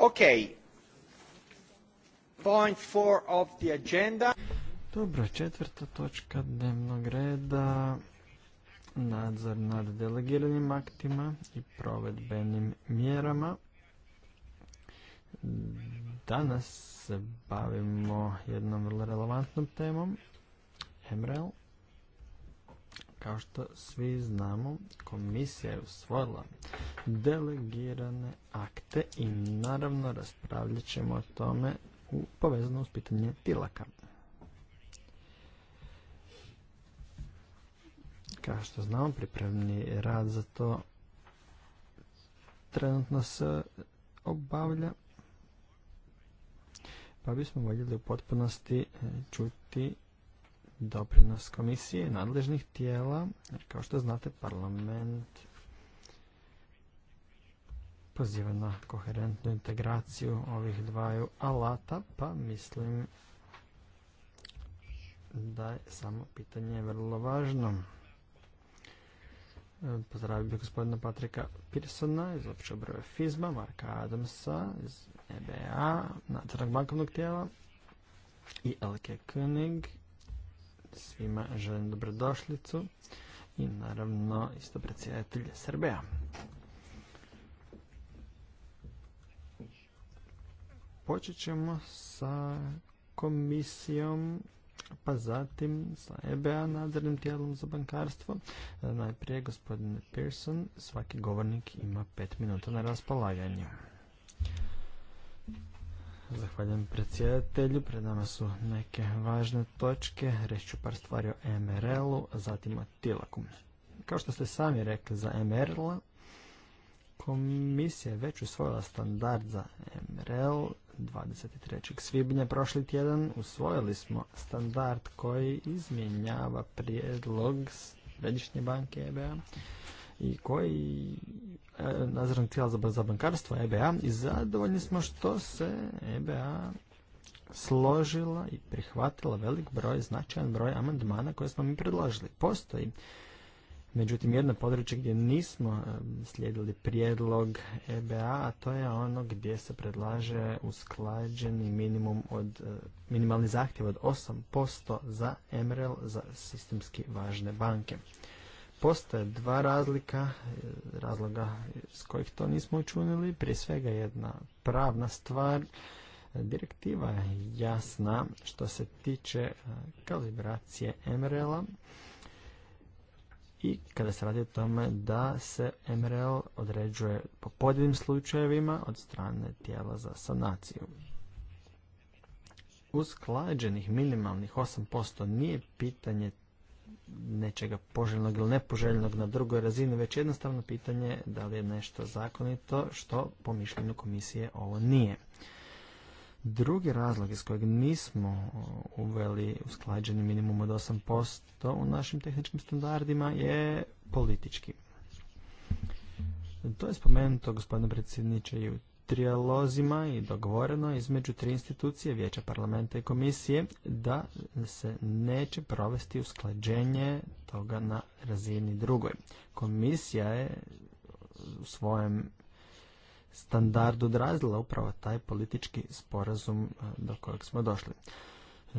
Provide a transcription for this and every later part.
Okay. Point four of the agenda. Dobro, četvrta točka dnevnog reda, nadzor nad delegiranim aktima i provedbenim mjerama. Danas se bavimo jednom vrlo relevantnom temom, MREL. Kao što svi znamo, komisija je usvojila delegirane akte i naravno raspravljat ćemo o tome u povezano s pitanje tilaka. Kao što znamo, pripremni rad za to trenutno se obavlja, pa bismo voljeli u potpunosti e, čuti doprinos komisije nadležnih tijela, kao što znate parlament poziva na koherentnu integraciju ovih dvaju alata, pa mislim da je samo pitanje vrlo važno. E, pozdravio bih gospodina Patrika Pirsona iz opće obrve FISMA, Marka Adamsa iz EBA, nadzornog bankovnog tijela i Elke König Svima želim dobrodošlicu i naravno isto predsjedatelje Srbeja. Počet ćemo sa komisijom, pa zatim sa EBA nadzornim tijelom za bankarstvo. Najprije gospodine Pearson, svaki govornik ima pet minuta na raspolaganju. Zahvaljujem predsjedatelju. Pred nama su neke važne točke. ću par stvari o MRL-u, a zatim o Tilaku. Kao što ste sami rekli za MRL, komisija je već usvojila standard za MRL 23. svibnja prošli tjedan. Usvojili smo standard koji izmjenjava prijedlog Središnje banke EBA i koji e, nadzornog tijela za bankarstvo EBA i zadovoljni smo što se EBA složila i prihvatila velik broj, značajan broj amandmana koje smo mi predložili. Postoji Međutim, jedno područje gdje nismo e, slijedili prijedlog EBA, a to je ono gdje se predlaže usklađeni minimum od, e, minimalni zahtjev od 8% za MREL za sistemski važne banke. Postoje dva razlika, razloga s kojih to nismo učinili. Prije svega jedna pravna stvar. Direktiva je jasna što se tiče e, kalibracije MRL-a i kada se radi o tome da se MRL određuje po podjednim slučajevima od strane tijela za sanaciju. Usklađenih minimalnih 8% nije pitanje nečega poželjnog ili nepoželjnog na drugoj razini, već jednostavno pitanje da li je nešto zakonito, što po mišljenju komisije ovo nije. Drugi razlog iz kojeg nismo uveli usklađeni minimum od 8% u našim tehničkim standardima je politički. To je spomenuto, gospodine predsjedniče, i trijalozima i dogovoreno između tri institucije, Vijeća parlamenta i komisije, da se neće provesti usklađenje toga na razini drugoj. Komisija je u svojem standardu odrazila upravo taj politički sporazum eh, do kojeg smo došli.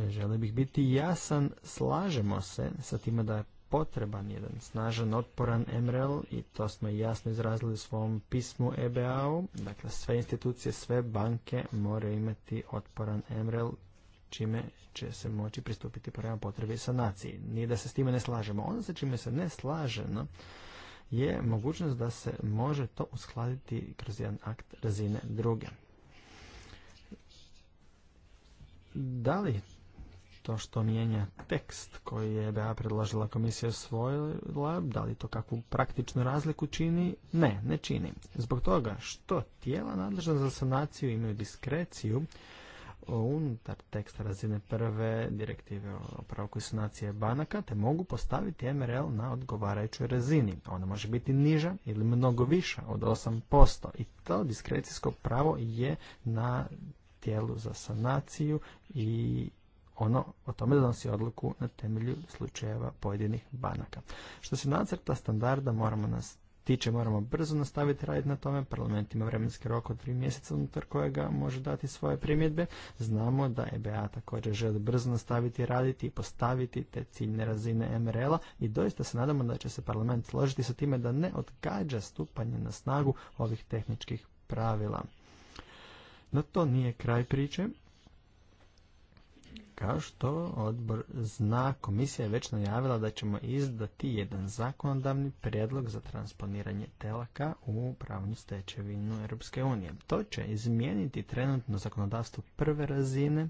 Želio bih biti jasan, slažemo se sa time da je potreban jedan snažan, otporan MREL i to smo jasno izrazili u svom pismu EBA-u. Dakle, sve institucije, sve banke moraju imati otporan MREL čime će se moći pristupiti prema potrebi sanaciji. Nije da se s time ne slažemo. Ono sa čime se ne slažemo je mogućnost da se može to uskladiti kroz jedan akt razine druge. Da li to što mijenja tekst koji je EBA predložila komisija svojila, da li to kakvu praktičnu razliku čini? Ne, ne čini. Zbog toga što tijela nadležna za sanaciju imaju diskreciju unutar teksta razine prve direktive o pravku sanacije banaka, te mogu postaviti MRL na odgovarajućoj razini. Ona može biti niža ili mnogo viša od 8%. I to diskrecijsko pravo je na tijelu za sanaciju i ono o tome donosi odluku na temelju slučajeva pojedinih banaka. Što se nacrta standarda moramo nas tiče, moramo brzo nastaviti raditi na tome. Parlament ima vremenski rok od tri mjeseca unutar kojega može dati svoje primjedbe. Znamo da EBA također želi brzo nastaviti raditi i postaviti te ciljne razine MRL-a i doista se nadamo da će se parlament složiti sa time da ne odgađa stupanje na snagu ovih tehničkih pravila. No to nije kraj priče. Kao što odbor zna, komisija je već najavila da ćemo izdati jedan zakonodavni prijedlog za transponiranje telaka u pravnu stečevinu Europske unije. To će izmijeniti trenutno zakonodavstvo prve razine,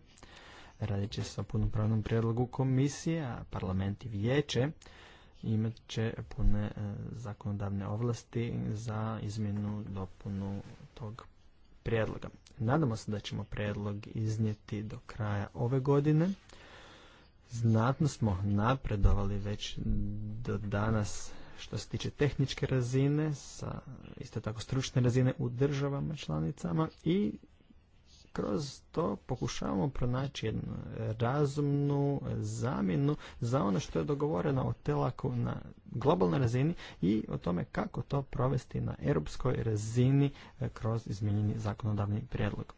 radit će se o punopravnom prijedlogu komisije, a parlament i vijeće imat će pune e, zakonodavne ovlasti za izmjenu dopunu tog prijedloga. Nadamo se da ćemo prijedlog iznijeti do kraja ove godine. Znatno smo napredovali već do danas što se tiče tehničke razine, sa isto tako stručne razine u državama članicama i kroz to pokušavamo pronaći jednu razumnu zamjenu za ono što je dogovoreno o telaku na globalnoj razini i o tome kako to provesti na europskoj razini e, kroz izmijenjeni zakonodavni prijedlog.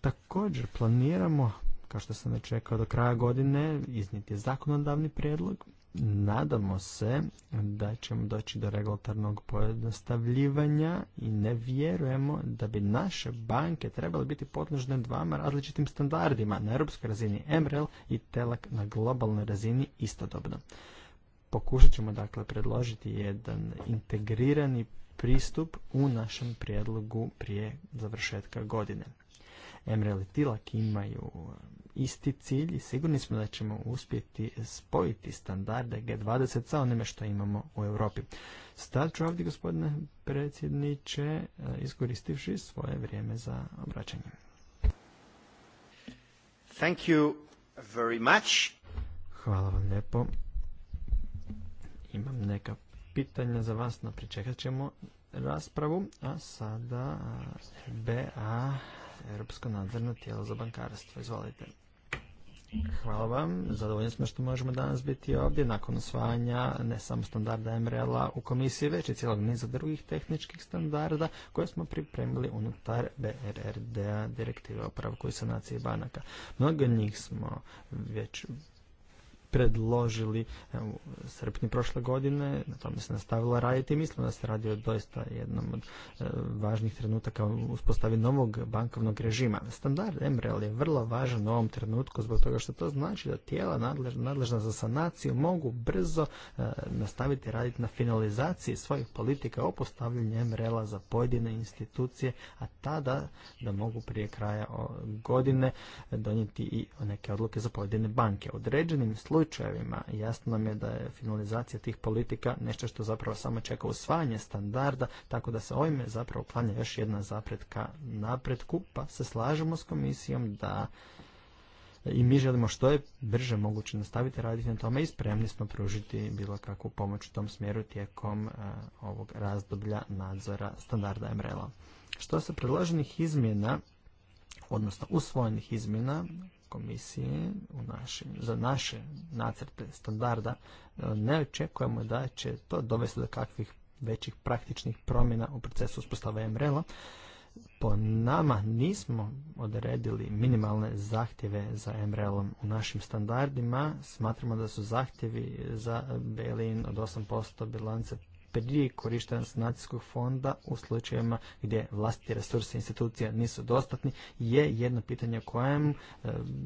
Također planiramo, kao što sam već rekao do kraja godine, iznijeti zakonodavni prijedlog Nadamo se da ćemo doći do regulatornog pojednostavljivanja i ne vjerujemo da bi naše banke trebale biti podložne dvama različitim standardima na europskoj razini MREL i TELAK na globalnoj razini istodobno. Pokušat ćemo dakle predložiti jedan integrirani pristup u našem prijedlogu prije završetka godine. MREL i TILAK imaju isti cilj i sigurni smo da ćemo uspjeti spojiti standarde G20 sa onime što imamo u Europi. Stat ću ovdje, gospodine predsjedniče, e, iskoristivši svoje vrijeme za obraćanje. Thank you very much. Hvala vam lijepo. Imam neka pitanja za vas, no pričekat ćemo raspravu, a sada BA, Europsko nadzorno tijelo za bankarstvo. Izvolite. Hvala vam. Zadovoljni smo što možemo danas biti ovdje nakon osvajanja ne samo standarda MRL-a u komisiji, već i cijelog niza drugih tehničkih standarda koje smo pripremili unutar BRRD-a direktive o pravku i sanaciji banaka. Mnogo njih smo već predložili u srpnju prošle godine, na tome se nastavila raditi i mislim da se radi o doista jednom od e, važnih trenutaka u uspostavi novog bankovnog režima. Standard MREL je vrlo važan u ovom trenutku zbog toga što to znači da tijela nadležna za sanaciju mogu brzo e, nastaviti raditi na finalizaciji svojih politika o postavljanju MREL-a za pojedine institucije, a tada da mogu prije kraja godine donijeti i neke odluke za pojedine banke. Određenim slučajima slučajevima. Jasno nam je da je finalizacija tih politika nešto što zapravo samo čeka usvajanje standarda, tako da se ovime zapravo klanja još jedna zapretka napretku, pa se slažemo s komisijom da i mi želimo što je brže moguće nastaviti raditi na tome i spremni smo pružiti bilo kakvu pomoć u tom smjeru tijekom e, ovog razdoblja nadzora standarda MRL-a. Što se predloženih izmjena, odnosno usvojenih izmjena, komisije u za naše nacrte standarda e, ne očekujemo da će to dovesti do kakvih većih praktičnih promjena u procesu uspostava MRL-a. Po nama nismo odredili minimalne zahtjeve za MRL-om u našim standardima. Smatramo da su zahtjevi za Belin od 8% bilance prije korištenja sanacijskog fonda u slučajevima gdje vlastiti resursi institucija nisu dostatni je jedno pitanje kojem e,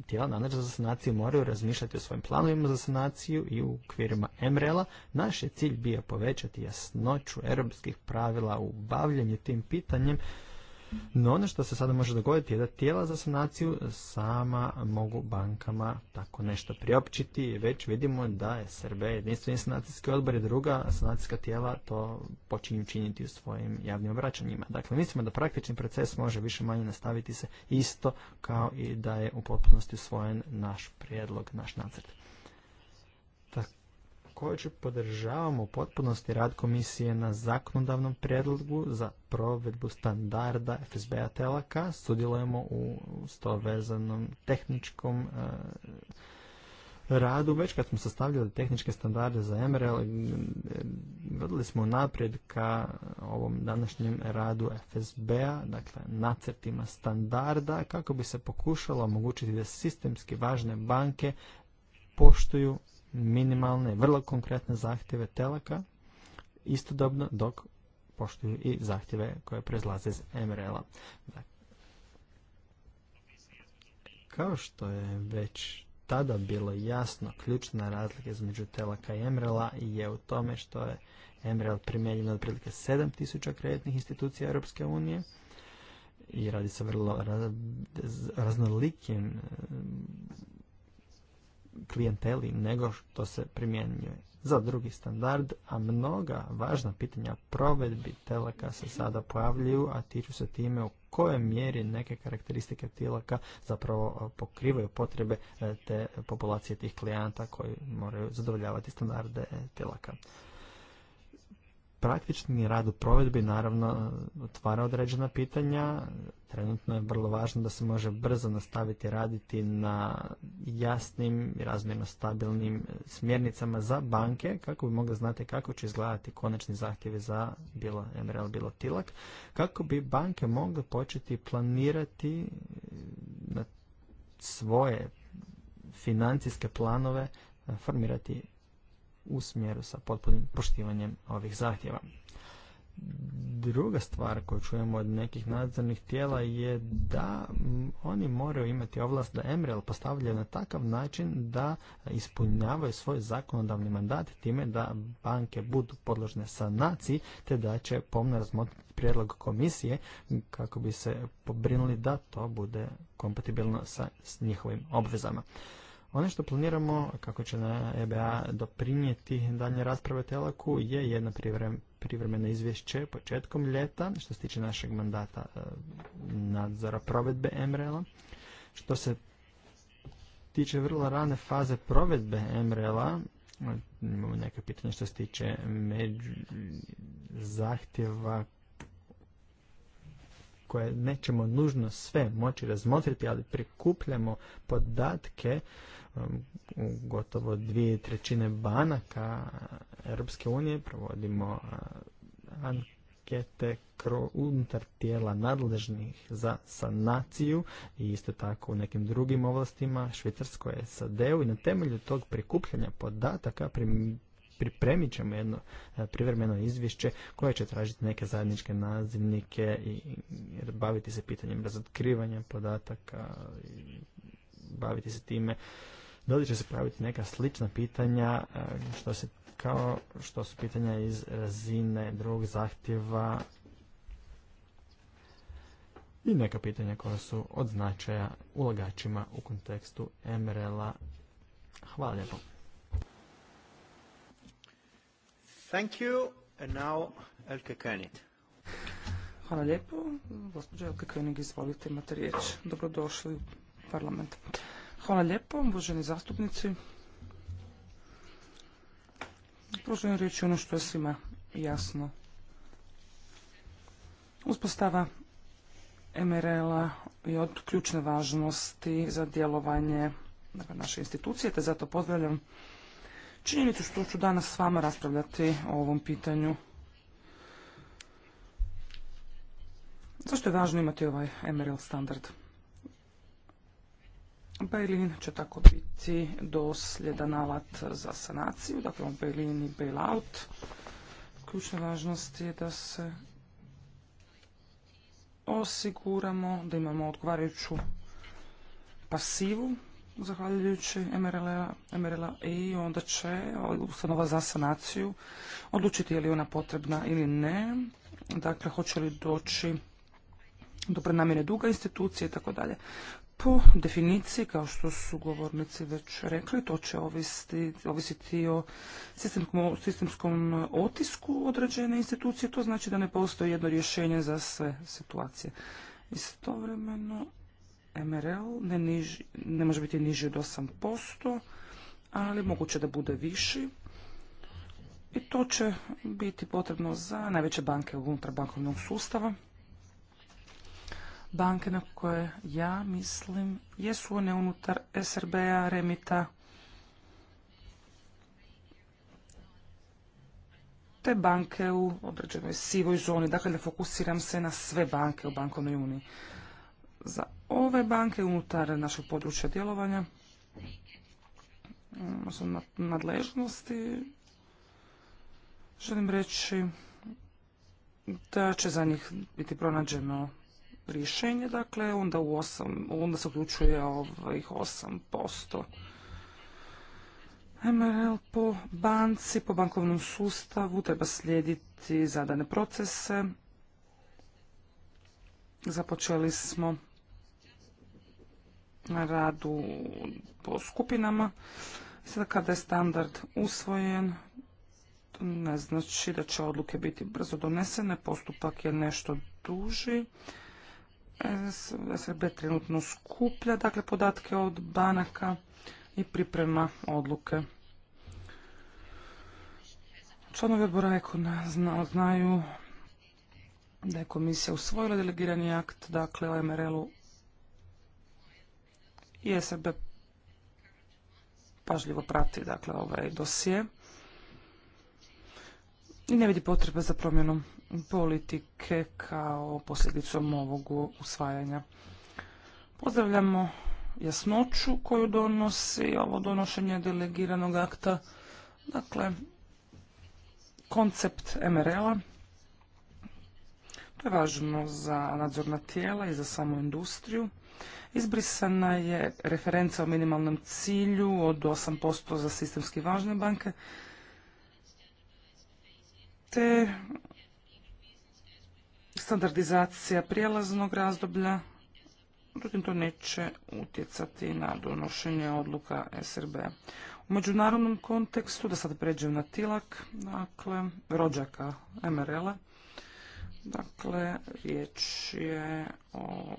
tijela nadležna za sanaciju moraju razmišljati o svojim planovima za sanaciju i u okvirima MREL-a. Naš je cilj bio povećati jasnoću europskih pravila u bavljanju tim pitanjem no ono što se sada može dogoditi je da tijela za sanaciju sama mogu bankama tako nešto priopćiti. Već vidimo da je SRB jedinstveni sanacijski odbor i druga sanacijska tijela to počinju činiti u svojim javnim obraćanjima. Dakle, mislimo da praktični proces može više manje nastaviti se isto kao i da je u potpunosti usvojen naš prijedlog, naš nacrt. Također podržavamo u potpunosti rad komisije na zakonodavnom prijedlogu za provedbu standarda FSB-a telaka. Sudjelujemo u sto vezanom tehničkom e, radu. Već kad smo sastavljali tehničke standarde za MRL, e, vodili smo naprijed ka ovom današnjem radu FSB-a, dakle nacrtima standarda, kako bi se pokušalo omogućiti da sistemski važne banke poštuju minimalne, vrlo konkretne zahtjeve telaka, istodobno dok poštuju i zahtjeve koje proizlaze iz MRL-a. Kao što je već tada bilo jasno, ključna razlika između telaka i MRL-a je u tome što je MRL primjenjen od prilike 7000 kreditnih institucija Europske unije i radi se vrlo raznolikim klijenteli nego što se primjenjuje za drugi standard, a mnoga važna pitanja provedbi telaka se sada pojavljuju, a tiču se time u kojoj mjeri neke karakteristike telaka zapravo e, pokrivaju potrebe e, te populacije tih klijenata koji moraju zadovoljavati standarde e, telaka praktični rad u provedbi naravno otvara određena pitanja. Trenutno je vrlo važno da se može brzo nastaviti raditi na jasnim i razmjerno stabilnim smjernicama za banke kako bi mogli znati kako će izgledati konačni zahtjevi za bilo MRL, bilo TILAK, kako bi banke mogle početi planirati na svoje financijske planove formirati u smjeru sa potpunim poštivanjem ovih zahtjeva. Druga stvar koju čujemo od nekih nadzornih tijela je da oni moraju imati ovlast da Emrel postavlja na takav način da ispunjavaju svoj zakonodavni mandat time da banke budu podložne sanaciji te da će pomno razmotriti prijedlog komisije kako bi se pobrinuli da to bude kompatibilno sa njihovim obvezama. Ono što planiramo, kako će na EBA doprinijeti dalje rasprave Telaku, je jedno privremeno izvješće početkom ljeta, što se tiče našeg mandata e, nadzora provedbe MRL-a. Što se tiče vrlo rane faze provedbe MRL-a, imamo neke pitanje što se tiče među zahtjeva koje nećemo nužno sve moći razmotriti, ali prikupljamo podatke Um, gotovo dvije trećine banaka Europske unije provodimo uh, ankete unutar tijela nadležnih za sanaciju i isto tako u nekim drugim ovlastima Švicarskoj SAD-u i na temelju tog prikupljanja podataka pripremit ćemo jedno uh, privremeno izvješće koje će tražiti neke zajedničke nazivnike i baviti se pitanjem razotkrivanja podataka i baviti se time da li će se praviti neka slična pitanja e, što se kao što su pitanja iz razine drugog zahtjeva i neka pitanja koja su od značaja ulagačima u kontekstu MRL-a. Hvala lijepo. Thank you. And now Elke Koenig. Hvala lijepo. Gospođo Elke izvolite, imate riječ. Dobrodošli u parlament. Hvala lijepo, uvaženi zastupnici. želim reći ono što je svima jasno. Uspostava MRL-a je od ključne važnosti za djelovanje dakle, naše institucije, te zato pozdravljam činjenicu što ću danas s vama raspravljati o ovom pitanju. Zašto je važno imati ovaj MRL standard? Bailin pa će tako biti dosljedan alat za sanaciju, dakle on Bailin i Bailout. Ključna važnost je da se osiguramo da imamo odgovarajuću pasivu zahvaljujući MRL-a i e, onda će ustanova za sanaciju odlučiti je li ona potrebna ili ne. Dakle, hoće li doći do prenamjene duga institucije i tako dalje po definiciji, kao što su govornici već rekli, to će ovisiti, o sistemskom, sistemskom otisku određene institucije. To znači da ne postoji jedno rješenje za sve situacije. Istovremeno, MRL ne, ne može biti niži od 8%, ali moguće da bude viši. I to će biti potrebno za najveće banke unutar bankovnog sustava banke na koje ja mislim jesu one unutar SRB-a, Remita, te banke u određenoj sivoj zoni. Dakle, ne fokusiram se na sve banke u bankovnoj uniji. Za ove banke unutar našeg područja djelovanja, mm, nadležnosti, želim reći da će za njih biti pronađeno rješenje, dakle onda, u onda se uključuje ovih ovaj, 8%. MRL po banci, po bankovnom sustavu treba slijediti zadane procese. Započeli smo na radu po skupinama. Sada kada je standard usvojen, to ne znači da će odluke biti brzo donesene, postupak je nešto duži. SRB trenutno skuplja dakle, podatke od banaka i priprema odluke. Članovi odbora Ekona znaju da je komisija usvojila delegirani akt, dakle o MRL-u i SRB pažljivo prati dakle, ovaj dosije i ne vidi potrebe za promjenom politike kao posljedicom ovog usvajanja. Pozdravljamo jasnoću koju donosi ovo donošenje delegiranog akta. Dakle, koncept MRL-a. To je važno za nadzorna tijela i za samu industriju. Izbrisana je referenca o minimalnom cilju od 8% za sistemski važne banke, te standardizacija prijelaznog razdoblja, međutim to neće utjecati na donošenje odluka SRB. U međunarodnom kontekstu, da sad pređem na tilak, dakle, rođaka MRL-a, dakle, riječ je o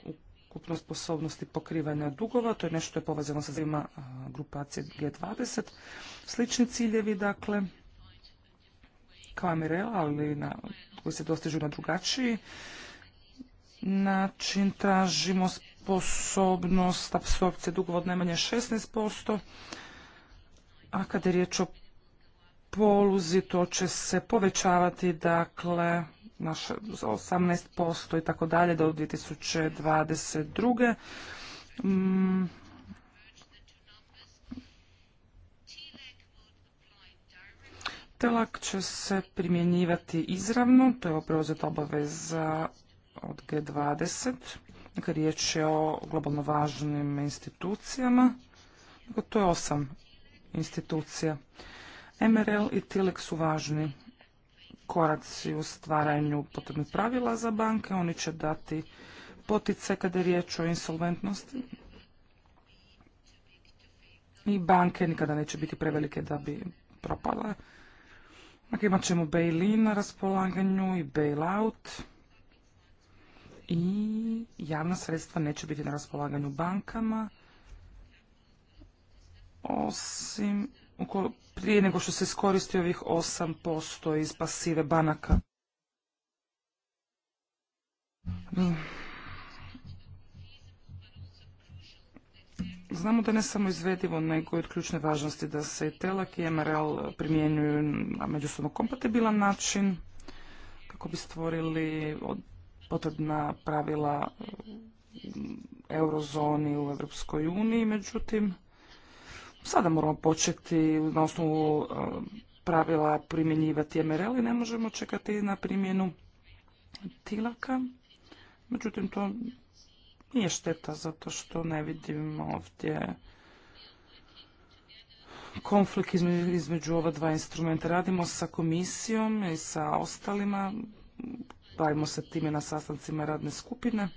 ukupnoj sposobnosti pokrivanja dugova, to je nešto je povezano sa zima grupacije G20. Slični ciljevi, dakle, kao MRL, ali na koji se dostižu na drugačiji način. Tražimo sposobnost apsorpcije dugova od najmanje 16%, a kada je riječ o poluzi to će se povećavati dakle na 18% i tako dalje do 2022. Mm Telak će se primjenjivati izravno, to je preuzeta obaveza od G20. Dakle, riječ je o globalno važnim institucijama. Dakle, to je osam institucija. MRL i TILEK su važni koraci u stvaranju potrebnih pravila za banke. Oni će dati potice kada je riječ o insolventnosti. I banke nikada neće biti prevelike da bi propale. Dakle, imat ćemo bail-in na raspolaganju i bail-out i javna sredstva neće biti na raspolaganju bankama osim prije nego što se iskoristi ovih 8% iz pasive banaka. Znamo da ne samo izvedivo, nego i od ključne važnosti da se TELAK i MRL primjenjuju na međusobno kompatibilan način kako bi stvorili potrebna pravila eurozoni u Evropskoj uniji, međutim, sada moramo početi na osnovu eh, pravila primjenjivati MRL i ne možemo čekati na primjenu tilaka. Međutim, to nije šteta zato što ne vidim ovdje konflikt između ova dva instrumenta. Radimo sa komisijom i sa ostalima, bavimo se time na sastancima radne skupine,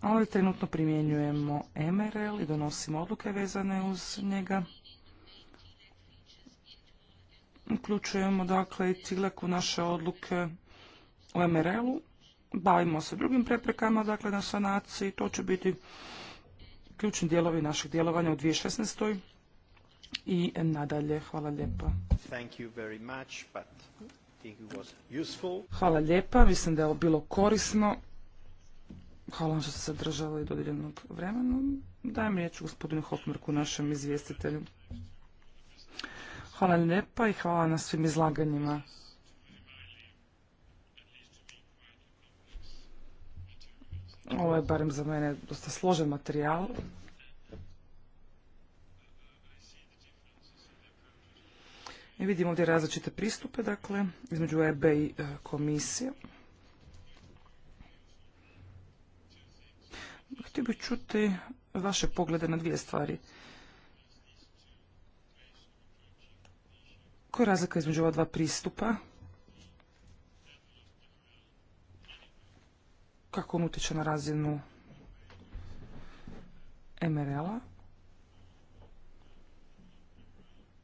ali trenutno primjenjujemo MRL i donosimo odluke vezane uz njega. Uključujemo dakle i tilek u naše odluke u MRL-u bavimo se drugim preprekama, dakle na sanaciji. To će biti ključni dijelovi našeg djelovanja u 2016. i nadalje. Hvala lijepa. Hvala lijepa, mislim da je ovo bilo korisno. Hvala vam što ste se držali dodijeljenog vremena. Dajem riječ gospodinu Hopmerku, našem izvjestitelju. Hvala lijepa i hvala na svim izlaganjima. Ovo je barem za mene dosta složen materijal. I vidimo ovdje različite pristupe, dakle, između EBA i e, komisije. Htio bih čuti vaše poglede na dvije stvari. Koja je razlika između ova dva pristupa? kako on utječe na razinu MRL-a,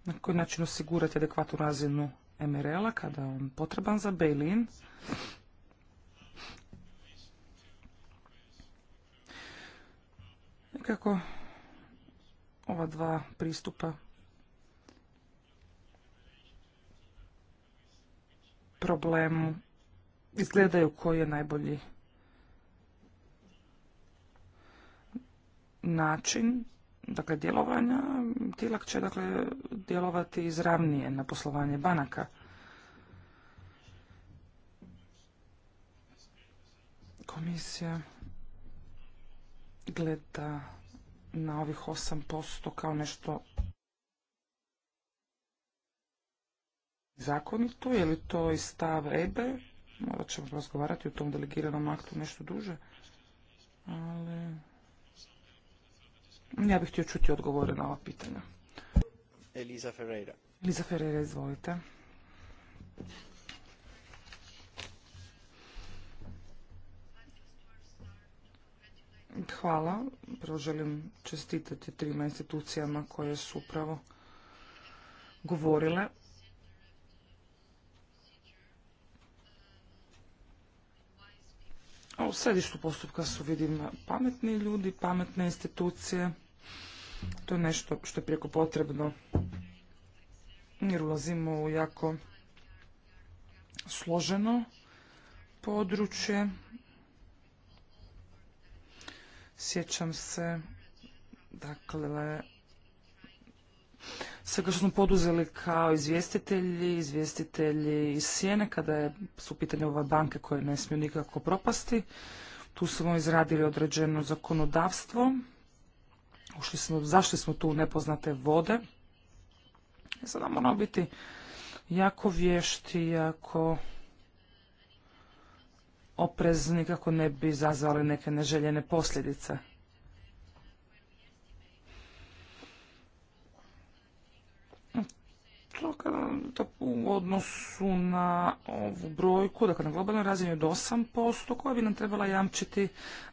na koji način osigurati adekvatnu razinu MRL-a kada je on potreban za bail-in. Kako ova dva pristupa problemu izgledaju koji je najbolji način dakle djelovanja, tilak će dakle djelovati izravnije na poslovanje banaka. Komisija gleda na ovih 8% kao nešto zakonito, je li to i stav EBE? Morat ćemo razgovarati u tom delegiranom aktu nešto duže, ali ja bih htio čuti odgovore na ova pitanja. Eliza Ferreira. Eliza Ferreira, izvolite. Hvala. Prvo želim čestitati trima institucijama koje su upravo govorile. U središtu postupka su, vidim, pametni ljudi, pametne institucije. To je nešto što je prijeko potrebno jer ulazimo u jako složeno područje. Sjećam se, dakle, svega što smo poduzeli kao izvjestitelji, izvjestitelji iz Sijene, kada je, u pitanju ove banke koje ne smiju nikako propasti. Tu smo izradili određeno zakonodavstvo. smo, zašli smo tu u nepoznate vode. E, Sada moramo biti jako vješti, jako oprezni kako ne bi izazvali neke neželjene posljedice. u odnosu na ovu brojku, dakle na globalnoj razini od 8%, koja bi nam trebala jamčiti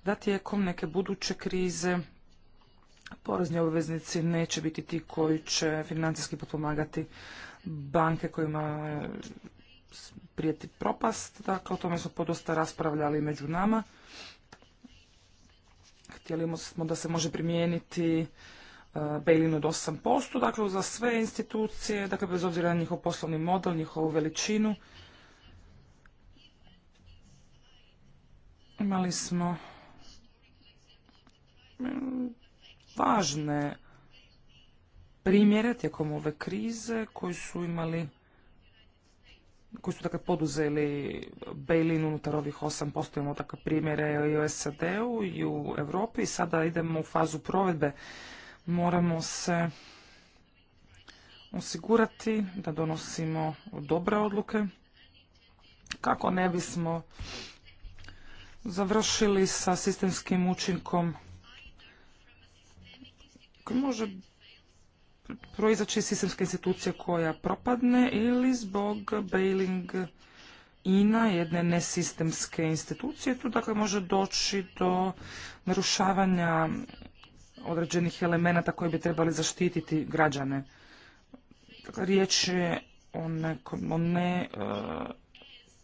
da tijekom neke buduće krize porezni obveznici neće biti ti koji će financijski potpomagati banke kojima prijeti propast. Dakle, o tome smo podosta raspravljali među nama. Htjeli smo da se može primijeniti Bejlinu od 8%, dakle za sve institucije, dakle bez obzira na njihov poslovni model, njihovu veličinu. Imali smo mm, važne primjere tijekom ove krize koji su imali koji su dakle poduzeli Bejlin unutar ovih 8%, imamo dakle primjere i u SAD-u i u Europi i sada idemo u fazu provedbe moramo se osigurati da donosimo dobre odluke kako ne bismo završili sa sistemskim učinkom koji može proizaći iz sistemske institucije koja propadne ili zbog bailing ina jedne nesistemske institucije. Tu dakle može doći do narušavanja određenih elemenata koji bi trebali zaštititi građane. Dakle, riječ je o, nekom, o ne e,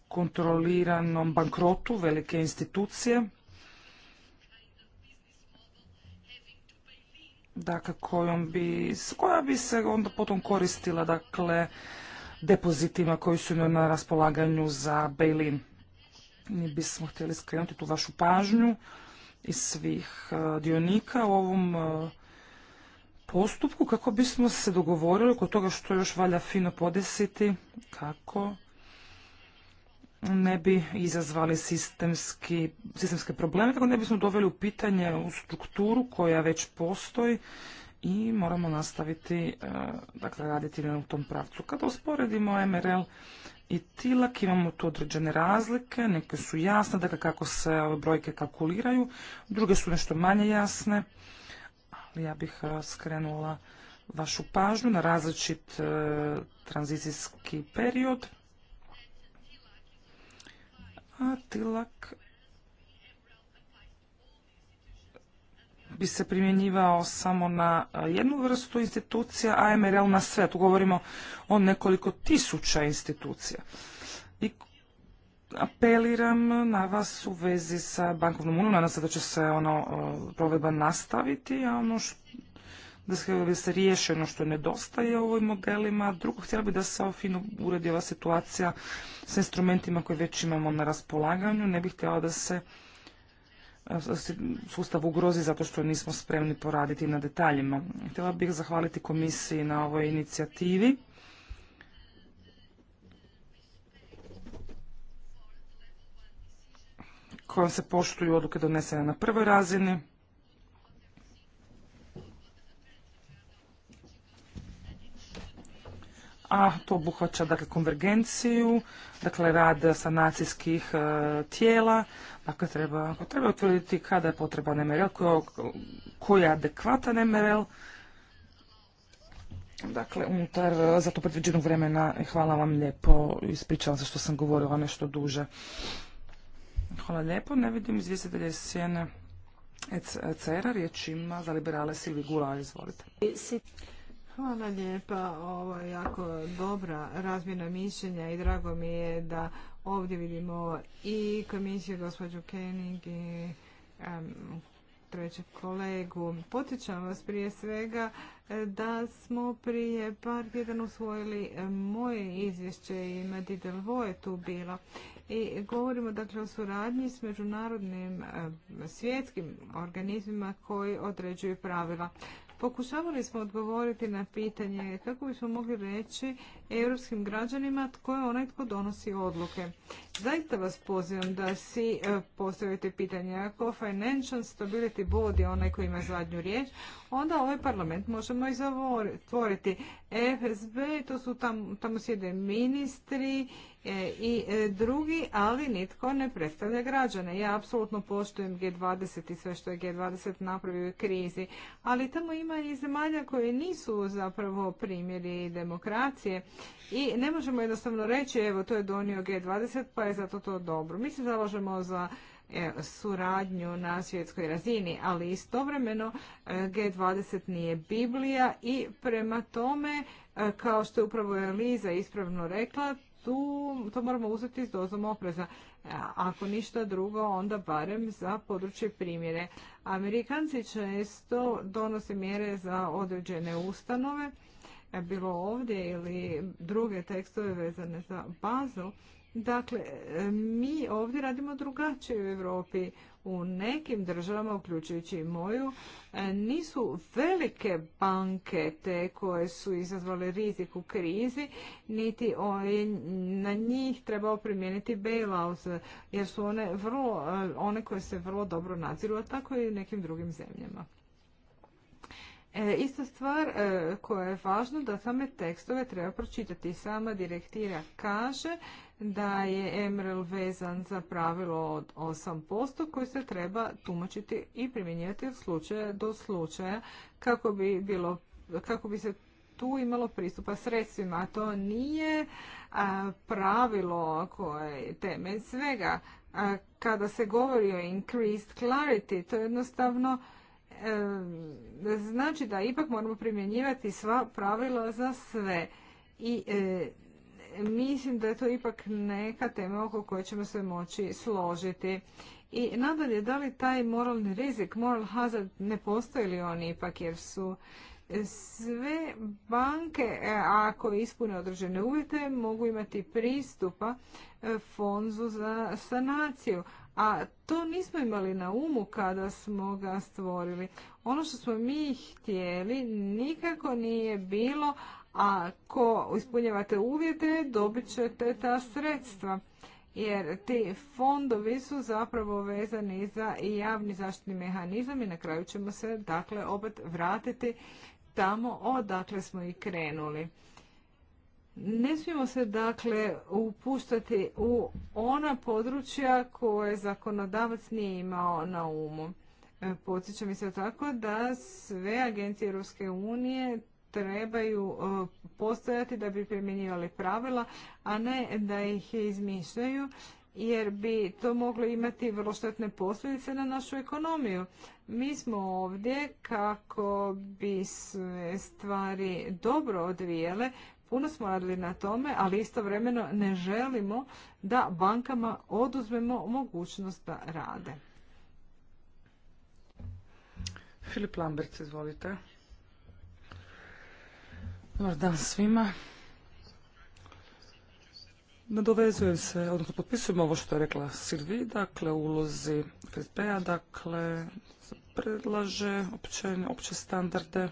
kontroliranom bankrotu velike institucije. Dakle, kojom bi, koja bi se onda potom koristila, dakle, depozitima koji su na raspolaganju za bail Mi bismo htjeli skrenuti tu vašu pažnju i svih e, dionika u ovom e, postupku kako bismo se dogovorili kod toga što još valja fino podesiti kako ne bi izazvali sistemske probleme, kako ne bismo doveli u pitanje u strukturu koja već postoji i moramo nastaviti e, dakle, raditi u tom pravcu. Kada usporedimo MRL i tilak imamo tu određene razlike, neke su jasne, dakle kako se ove brojke kalkuliraju, druge su nešto manje jasne, ali ja bih e, skrenula vašu pažnju na različit e, tranzicijski period. A tilak bi se primjenjivao samo na e, jednu vrstu institucija, a MRL na sve. Tu govorimo o nekoliko tisuća institucija. I apeliram na vas u vezi sa bankovnom unijom. Nadam se da će se ono e, provedba nastaviti, a ono što da se riješi ono što nedostaje u ovim modelima. Drugo, htjela bi da se fino uredi ova situacija sa instrumentima koje već imamo na raspolaganju. Ne bih htjela da se sustav ugrozi zato što nismo spremni poraditi na detaljima. Htjela bih zahvaliti komisiji na ovoj inicijativi. kojom se poštuju odluke donesene na prvoj razini a to obuhvaća dakle, konvergenciju, dakle rad sanacijskih e, tijela, dakle treba, treba utvrditi kada je potreban MRL, koji je adekvatan MRL, dakle unutar e, za to predviđenog vremena e, hvala vam lijepo, ispričavam se što sam govorila nešto duže. Hvala lijepo, ne vidim izvjestitelje iz sjene cera riječ ima za liberale Silvi Gula, izvolite. Hvala lijepa, ovo je jako dobra razmjena mišljenja i drago mi je da ovdje vidimo i komisiju gospođu Kenning i trećeg kolegu. Potičam vas prije svega e, da smo prije par tjedan usvojili e, moje izvješće i Medidelvo je tu bila. I govorimo dakle o suradnji s međunarodnim e, svjetskim organizmima koji određuju pravila. Pokušavali smo odgovoriti na pitanje kako bismo mogli reći europskim građanima tko je onaj tko donosi odluke. Zaista vas pozivam da si e, postavite pitanje ako Financial Stability Board je onaj koji ima zadnju riječ, onda ovaj parlament možemo i zatvoriti. E, FSB, to su tamo sjede ministri, E, i e, drugi, ali nitko ne predstavlja građane. Ja apsolutno poštujem G20 i sve što je G20 napravio u krizi, ali tamo ima i zemalja koje nisu zapravo primjeri demokracije i ne možemo jednostavno reći evo to je donio G20 pa je zato to dobro. Mi se zalažemo za E, suradnju na svjetskoj razini, ali istovremeno e, G20 nije Biblija i prema tome, e, kao što je upravo Eliza ispravno rekla, tu, to moramo uzeti s dozom opreza. Ako ništa drugo, onda barem za područje primjere. Amerikanci često donose mjere za određene ustanove, bilo ovdje ili druge tekstove vezane za bazu, Dakle, e, mi ovdje radimo drugačije u Europi. U nekim državama, uključujući i moju, e, nisu velike banke te koje su izazvale rizik u krizi, niti na njih trebao primijeniti bailout, jer su one, e, one koje se vrlo dobro nadziru, a tako i u nekim drugim zemljama. E, ista stvar e, koja je važna da same tekstove treba pročitati. Sama direktira kaže da je MRL vezan za pravilo od 8% koji se treba tumačiti i primjenjivati od slučaja do slučaja kako bi, bilo, kako bi se tu imalo pristupa sredstvima. A to nije pravilo koje je temelj svega. kada se govori o increased clarity, to je jednostavno znači da ipak moramo primjenjivati sva pravila za sve. I e, mislim da je to ipak neka tema oko koje ćemo se moći složiti. I nadalje, da li taj moralni rizik, moral hazard, ne postoji li on ipak, jer su sve banke, e, ako ispune određene uvjete, mogu imati pristupa e, fondzu za sanaciju a to nismo imali na umu kada smo ga stvorili. Ono što smo mi htjeli nikako nije bilo, ako ispunjavate uvjete dobit ćete ta sredstva. Jer ti fondovi su zapravo vezani za javni zaštitni mehanizam i na kraju ćemo se dakle opet vratiti tamo odakle smo i krenuli. Ne smijemo se dakle upuštati u ona područja koje zakonodavac nije imao na umu. E, podsjeća mi se tako da sve agencije Ruske unije trebaju e, postojati da bi primjenjivali pravila, a ne da ih izmišljaju jer bi to moglo imati vrlo štetne posljedice na našu ekonomiju. Mi smo ovdje kako bi stvari dobro odvijele, Puno smo radili na tome, ali istovremeno ne želimo da bankama oduzmemo mogućnost da rade. Filip Lambert, izvolite. Dobar dan svima. Nadovezujem se, odnosno potpisujem ovo što je rekla Silvi, dakle ulozi FSB-a, dakle predlaže opće standarde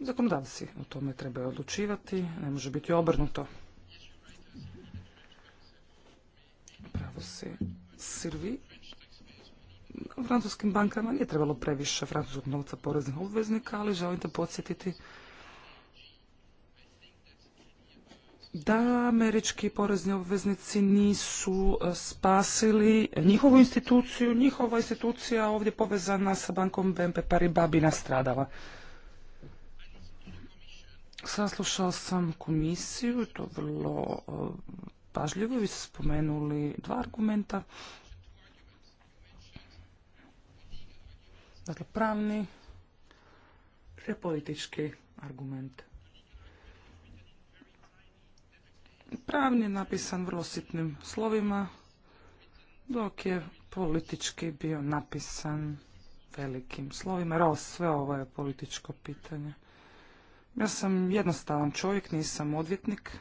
Zakonodavci o tome trebaju odlučivati, ne može biti obrnuto. Pravo se sirvi. Francuskim bankama nije trebalo previše francuskog novca poreznih obveznika, ali želim da podsjetiti da američki porezni obveznici nisu e, spasili njihovu instituciju, njihova institucija ovdje povezana sa bankom BNP Paribas bi Saslušao sam komisiju, to vrlo e, pažljivo, vi ste spomenuli dva argumenta. Dakle, pravni i politički argument. Pravni je napisan vrlo sitnim slovima, dok je politički bio napisan velikim slovima. sve ovo je političko pitanje. Ja sam jednostavan čovjek, nisam odvjetnik,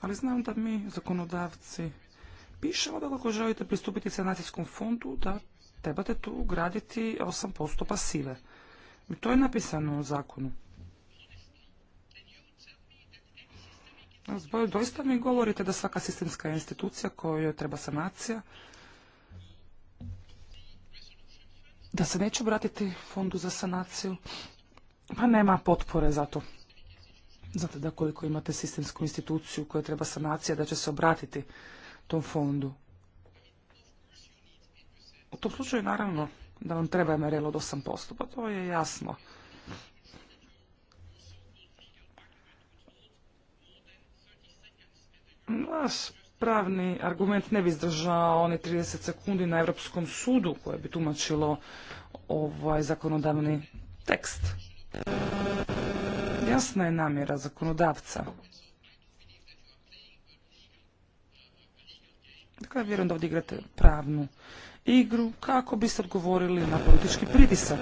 ali znam da mi, zakonodavci, pišemo da ako želite pristupiti sanacijskom fondu, da trebate tu ugraditi 8% pasive. I to je napisano u zakonu. Doista mi govorite da svaka sistemska institucija kojoj treba sanacija, da se neće obratiti fondu za sanaciju, pa nema potpore za to. Znate da koliko imate sistemsku instituciju koja treba sanacija, da će se obratiti tom fondu. U tom slučaju, naravno, da vam treba MRL od 8%, pa to je jasno. Naš pravni argument ne bi izdržao one 30 sekundi na Evropskom sudu koje bi tumačilo ovaj zakonodavni tekst. Jasna je namjera zakonodavca. Dakle, vjerujem da ovdje igrate pravnu igru kako biste odgovorili na politički pritisak.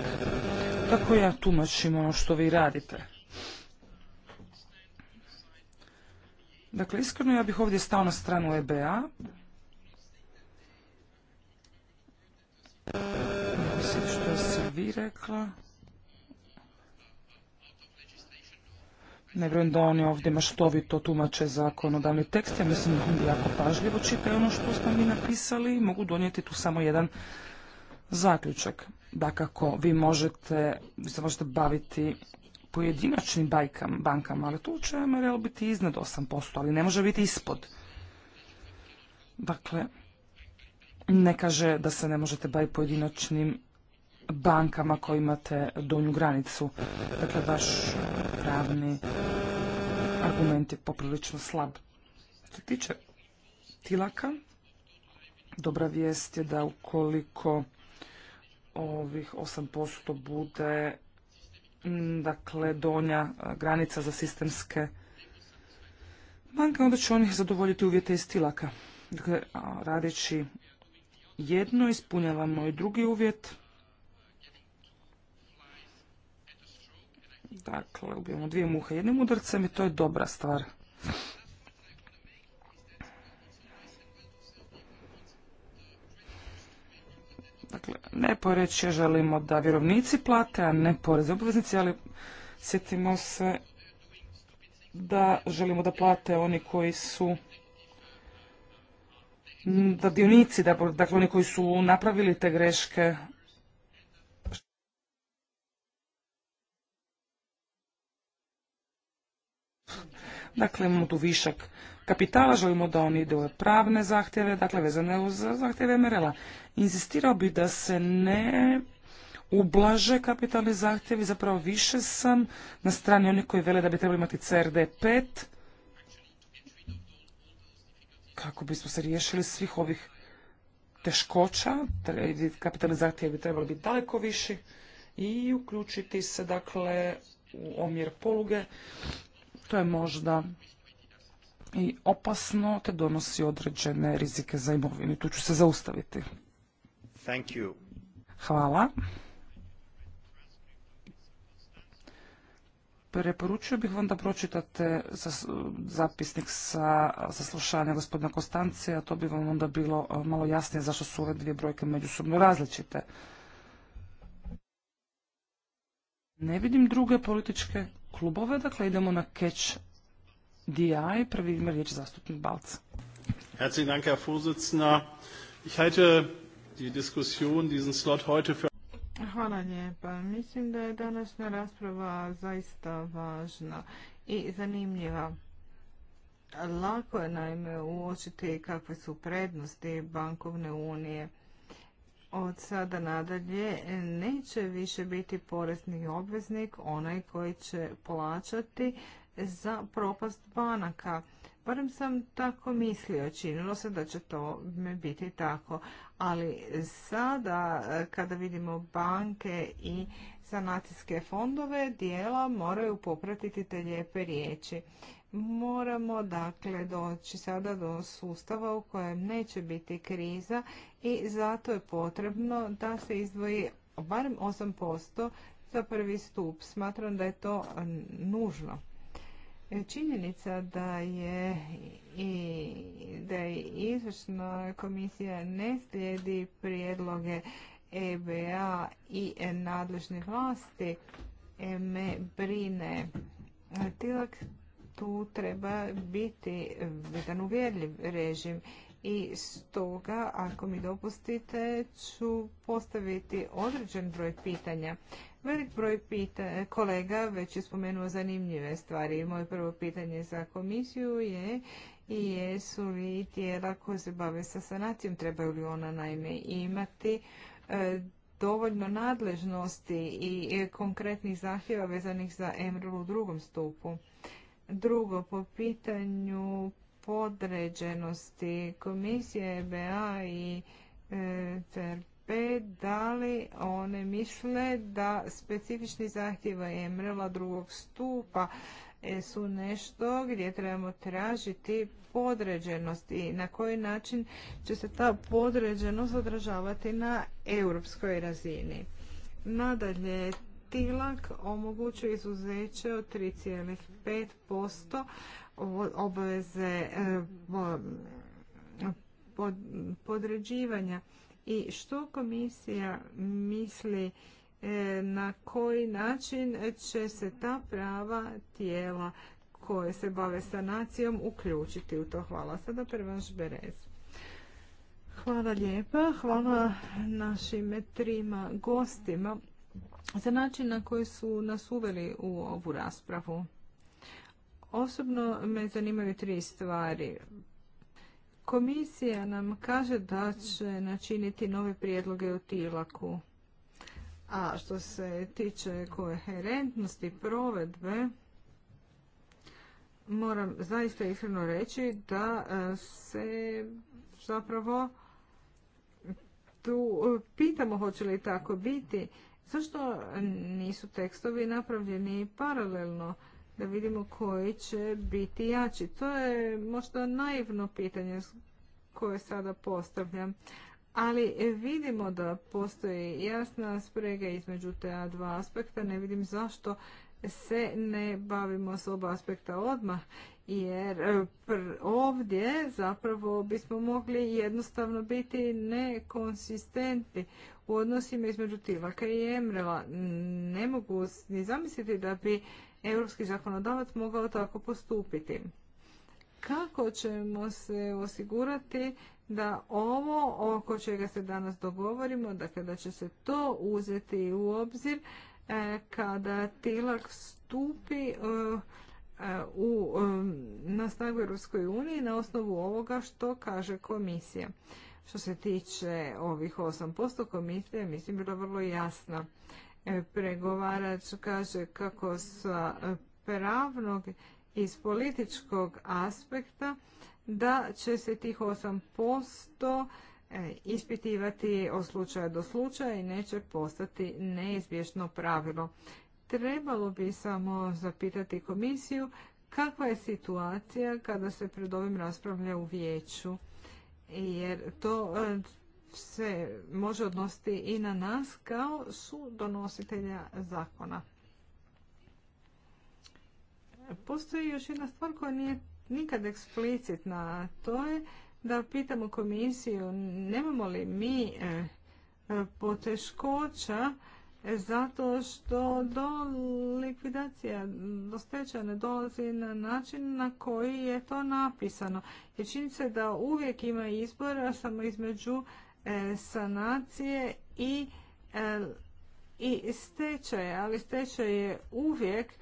Kako ja tumačim ono što vi radite. Dakle, iskreno ja bih ovdje stao na stranu EBA. što se vi rekla. Ne vjerujem da oni ovdje maštovito tumače zakonodavni tekst. Ja mislim da oni jako pažljivo čitaju ono što smo mi napisali i mogu donijeti tu samo jedan zaključak. Dakako, vi možete, vi se možete baviti pojedinačnim bankama, ali tu će MRL biti iznad 8%, ali ne može biti ispod. Dakle, ne kaže da se ne možete baviti pojedinačnim bankama koji imate donju granicu. Dakle, vaš pravni argument je poprilično slab. Što se tiče tilaka, dobra vijest je da ukoliko ovih 8% bude mm, dakle donja e, granica za sistemske banke, onda će oni zadovoljiti uvjete iz tilaka. Dakle, radeći jedno, ispunjavamo i drugi uvjet, Dakle, ubijemo dvije muhe jednim udarcem i to je dobra stvar. Dakle, ne poreći želimo da vjerovnici plate, a ne poreze obveznici, ali sjetimo se da želimo da plate oni koji su da dionici, dakle oni koji su napravili te greške, Dakle, imamo tu višak kapitala, želimo da oni ide u pravne zahtjeve, dakle vezane uz zahtjeve MRL-a. Inzistirao bi da se ne ublaže kapitalni zahtjevi, zapravo više sam na strani onih koji vele da bi trebali imati CRD 5, kako bismo se riješili svih ovih teškoća, kapitalni zahtjevi bi trebali biti daleko viši i uključiti se dakle u omjer poluge to je možda i opasno, te donosi određene rizike za imovinu. Tu ću se zaustaviti. Hvala. Preporučio bih vam da pročitate zapisnik sa saslušanja gospodina Kostancija, to bi vam onda bilo e, malo jasnije zašto su ove dvije brojke međusobno različite. Ne vidim druge političke klubove. Dakle, idemo na catch DI. Prvi ima riječ zastupnik Balca. Herzlichen Dank, Herr Vorsitzender. Ich halte die Diskussion, diesen Slot heute für Hvala lijepa. Mislim da je današnja rasprava zaista važna i zanimljiva. Lako je naime uočiti kakve su prednosti bankovne unije od sada nadalje neće više biti porezni obveznik onaj koji će plaćati za propast banaka. Barem sam tako mislio, činilo se da će to biti tako. Ali sada kada vidimo banke i sanacijske fondove, dijela moraju popratiti te lijepe riječi. Moramo dakle doći sada do sustava u kojem neće biti kriza i zato je potrebno da se izdvoji barem 8% za prvi stup. Smatram da je to nužno. E, činjenica da je i da je izvršna komisija ne slijedi prijedloge EBA i nadležne vlasti e, me brine. Tilak tu treba biti jedan uvjerljiv režim i stoga, ako mi dopustite, ću postaviti određen broj pitanja. Velik broj kolega već je spomenuo zanimljive stvari. Moje prvo pitanje za komisiju je i jesu li tijela koje se bave sa sanacijom, trebaju li ona naime imati e, dovoljno nadležnosti i konkretnih zahtjeva vezanih za emrl u drugom stupu. Drugo, po pitanju podređenosti komisije EBA i e, da li one misle da specifični zahtjeva EMRELA drugog stupa e, su nešto gdje trebamo tražiti podređenost i na koji način će se ta podređenost odražavati na europskoj razini. Nadalje, tilak omogućuje izuzeće od 3,5% obaveze e, podređivanja i što komisija misli e, na koji način će se ta prava tijela koje se bave sanacijom uključiti u to. Hvala. Sada prvaš Berez. Hvala lijepa. Hvala našim trima gostima za način na koji su nas uveli u ovu raspravu. Osobno me zanimaju tri stvari. Komisija nam kaže da će načiniti nove prijedloge u tilaku. A što se tiče koherentnosti provedbe, moram zaista iskreno reći da e, se zapravo tu e, pitamo hoće li tako biti Zašto nisu tekstovi napravljeni paralelno? Da vidimo koji će biti jači. To je možda naivno pitanje koje sada postavljam. Ali vidimo da postoji jasna sprega između te dva aspekta. Ne vidim zašto se ne bavimo s oba aspekta odmah, jer ovdje zapravo bismo mogli jednostavno biti nekonsistentni u odnosima između Tilaka i Emrela. Ne mogu ni zamisliti da bi europski zakonodavac mogao tako postupiti. Kako ćemo se osigurati da ovo oko čega se danas dogovorimo, dakle da će se to uzeti u obzir, e, kada Tilak stupi e, e, na snagu Europskoj uniji na osnovu ovoga što kaže komisija. Što se tiče ovih 8%, komisije, mislim bila vrlo jasna. E, pregovarač kaže kako sa pravnog i s političkog aspekta da će se tih 8% e, ispitivati od slučaja do slučaja i neće postati neizbješno pravilo. Trebalo bi samo zapitati komisiju kakva je situacija kada se pred ovim raspravlja u vijeću jer to e, se može odnositi i na nas kao su donositelja zakona. Postoji još jedna stvar koja nije nikad eksplicitna, to je da pitamo komisiju nemamo li mi e, poteškoća zato što do likvidacija, do stečaja ne dolazi na način na koji je to napisano. Jer čini se da uvijek ima izbora samo između e, sanacije i, e, i stečaja, ali stečaj je uvijek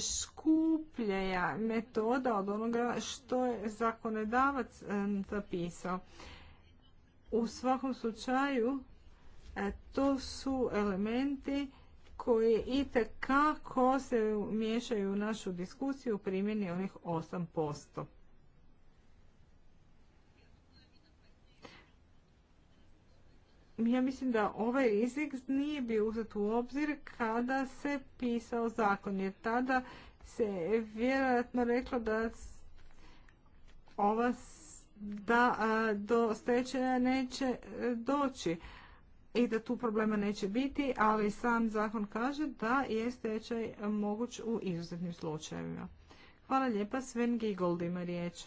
skupljeja metoda od onoga što je zakonodavac e, zapisao. U svakom slučaju E, to su elementi koji i se miješaju u našu diskusiju u primjeni onih 8%. Ja mislim da ovaj rizik nije bio uzet u obzir kada se pisao zakon, jer tada se vjerojatno reklo da ova da do stečaja neće e, doći i da tu problema neće biti, ali sam zakon kaže da je stečaj moguć u izuzetnim slučajevima. Hvala lijepa, Sven Gigold ima riječ.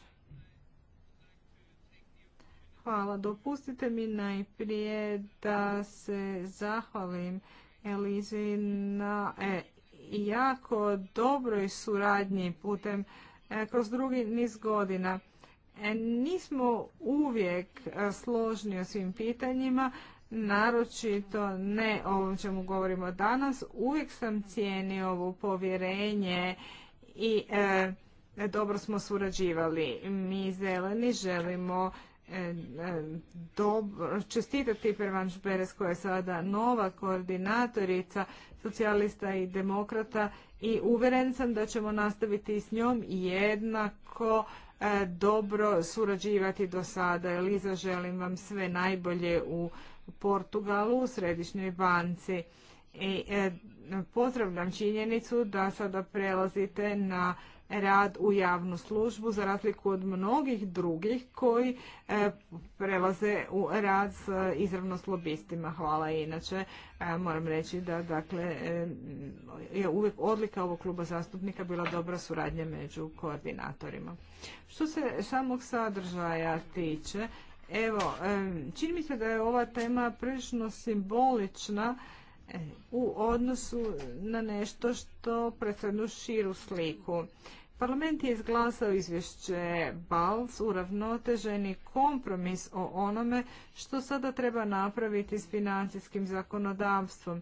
Hvala, dopustite mi najprije da se zahvalim Elizi na e, jako dobroj suradnji putem e, kroz drugi niz godina. E, nismo uvijek složni o svim pitanjima, naročito ne o ovom čemu govorimo danas, uvijek sam cijenio ovo povjerenje i e, dobro smo surađivali. Mi zeleni želimo e, e, dobro, čestitati Pervanš Beres koja je sada nova koordinatorica socijalista i demokrata i uvjeren sam da ćemo nastaviti s njom jednako dobro surađivati do sada. Eliza, želim vam sve najbolje u Portugalu u Središnjoj banci. I e, pozdravljam činjenicu da sada prelazite na rad u javnu službu za razliku od mnogih drugih koji e, prelaze u rad s, izravno s lobistima. Hvala inače. E, moram reći da dakle je uvijek odlika ovog kluba zastupnika bila dobra suradnja među koordinatorima. Što se samog sadržaja tiče, Evo, čini mi se da je ova tema prilično simbolična e, u odnosu na nešto što predstavlja širu sliku. Parlament je izglasao izvješće BALS uravnoteženi kompromis o onome što sada treba napraviti s financijskim zakonodavstvom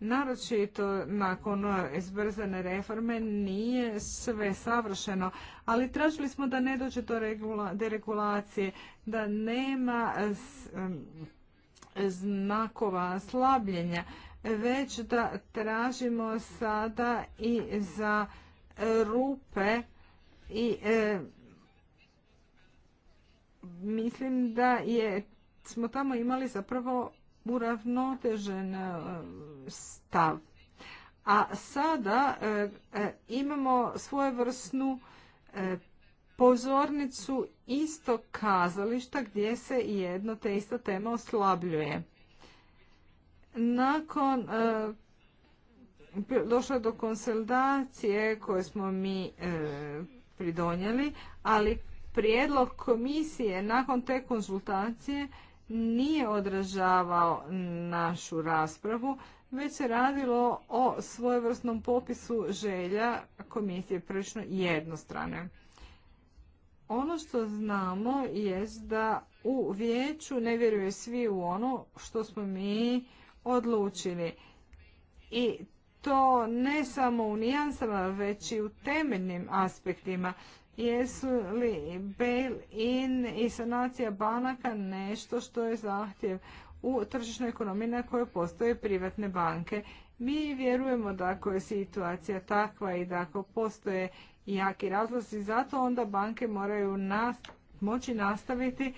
naročito nakon izbrzane reforme nije sve savršeno, ali tražili smo da ne dođe do deregulacije, da nema znakova slabljenja, već da tražimo sada i za rupe i mislim da smo tamo imali zapravo uravnotežen e, stav. A sada e, e, imamo svojevrsnu pozornicu istog kazališta gdje se jedno te ista tema oslabljuje. Nakon došlo do konsolidacije koje smo mi pridonjeli, ali prijedlog komisije nakon te konzultacije nije odražavao našu raspravu, već se radilo o svojevrsnom popisu želja komisije prilično jednostrane. Ono što znamo jest da u vijeću ne vjeruje svi u ono što smo mi odlučili. I to ne samo u nijansama, već i u temeljnim aspektima. Jesu li bail-in i sanacija banaka nešto što je zahtjev u tržišnoj ekonomiji na kojoj postoje privatne banke? Mi vjerujemo da ako je situacija takva i da ako postoje jaki razlozi, zato onda banke moraju moći nastaviti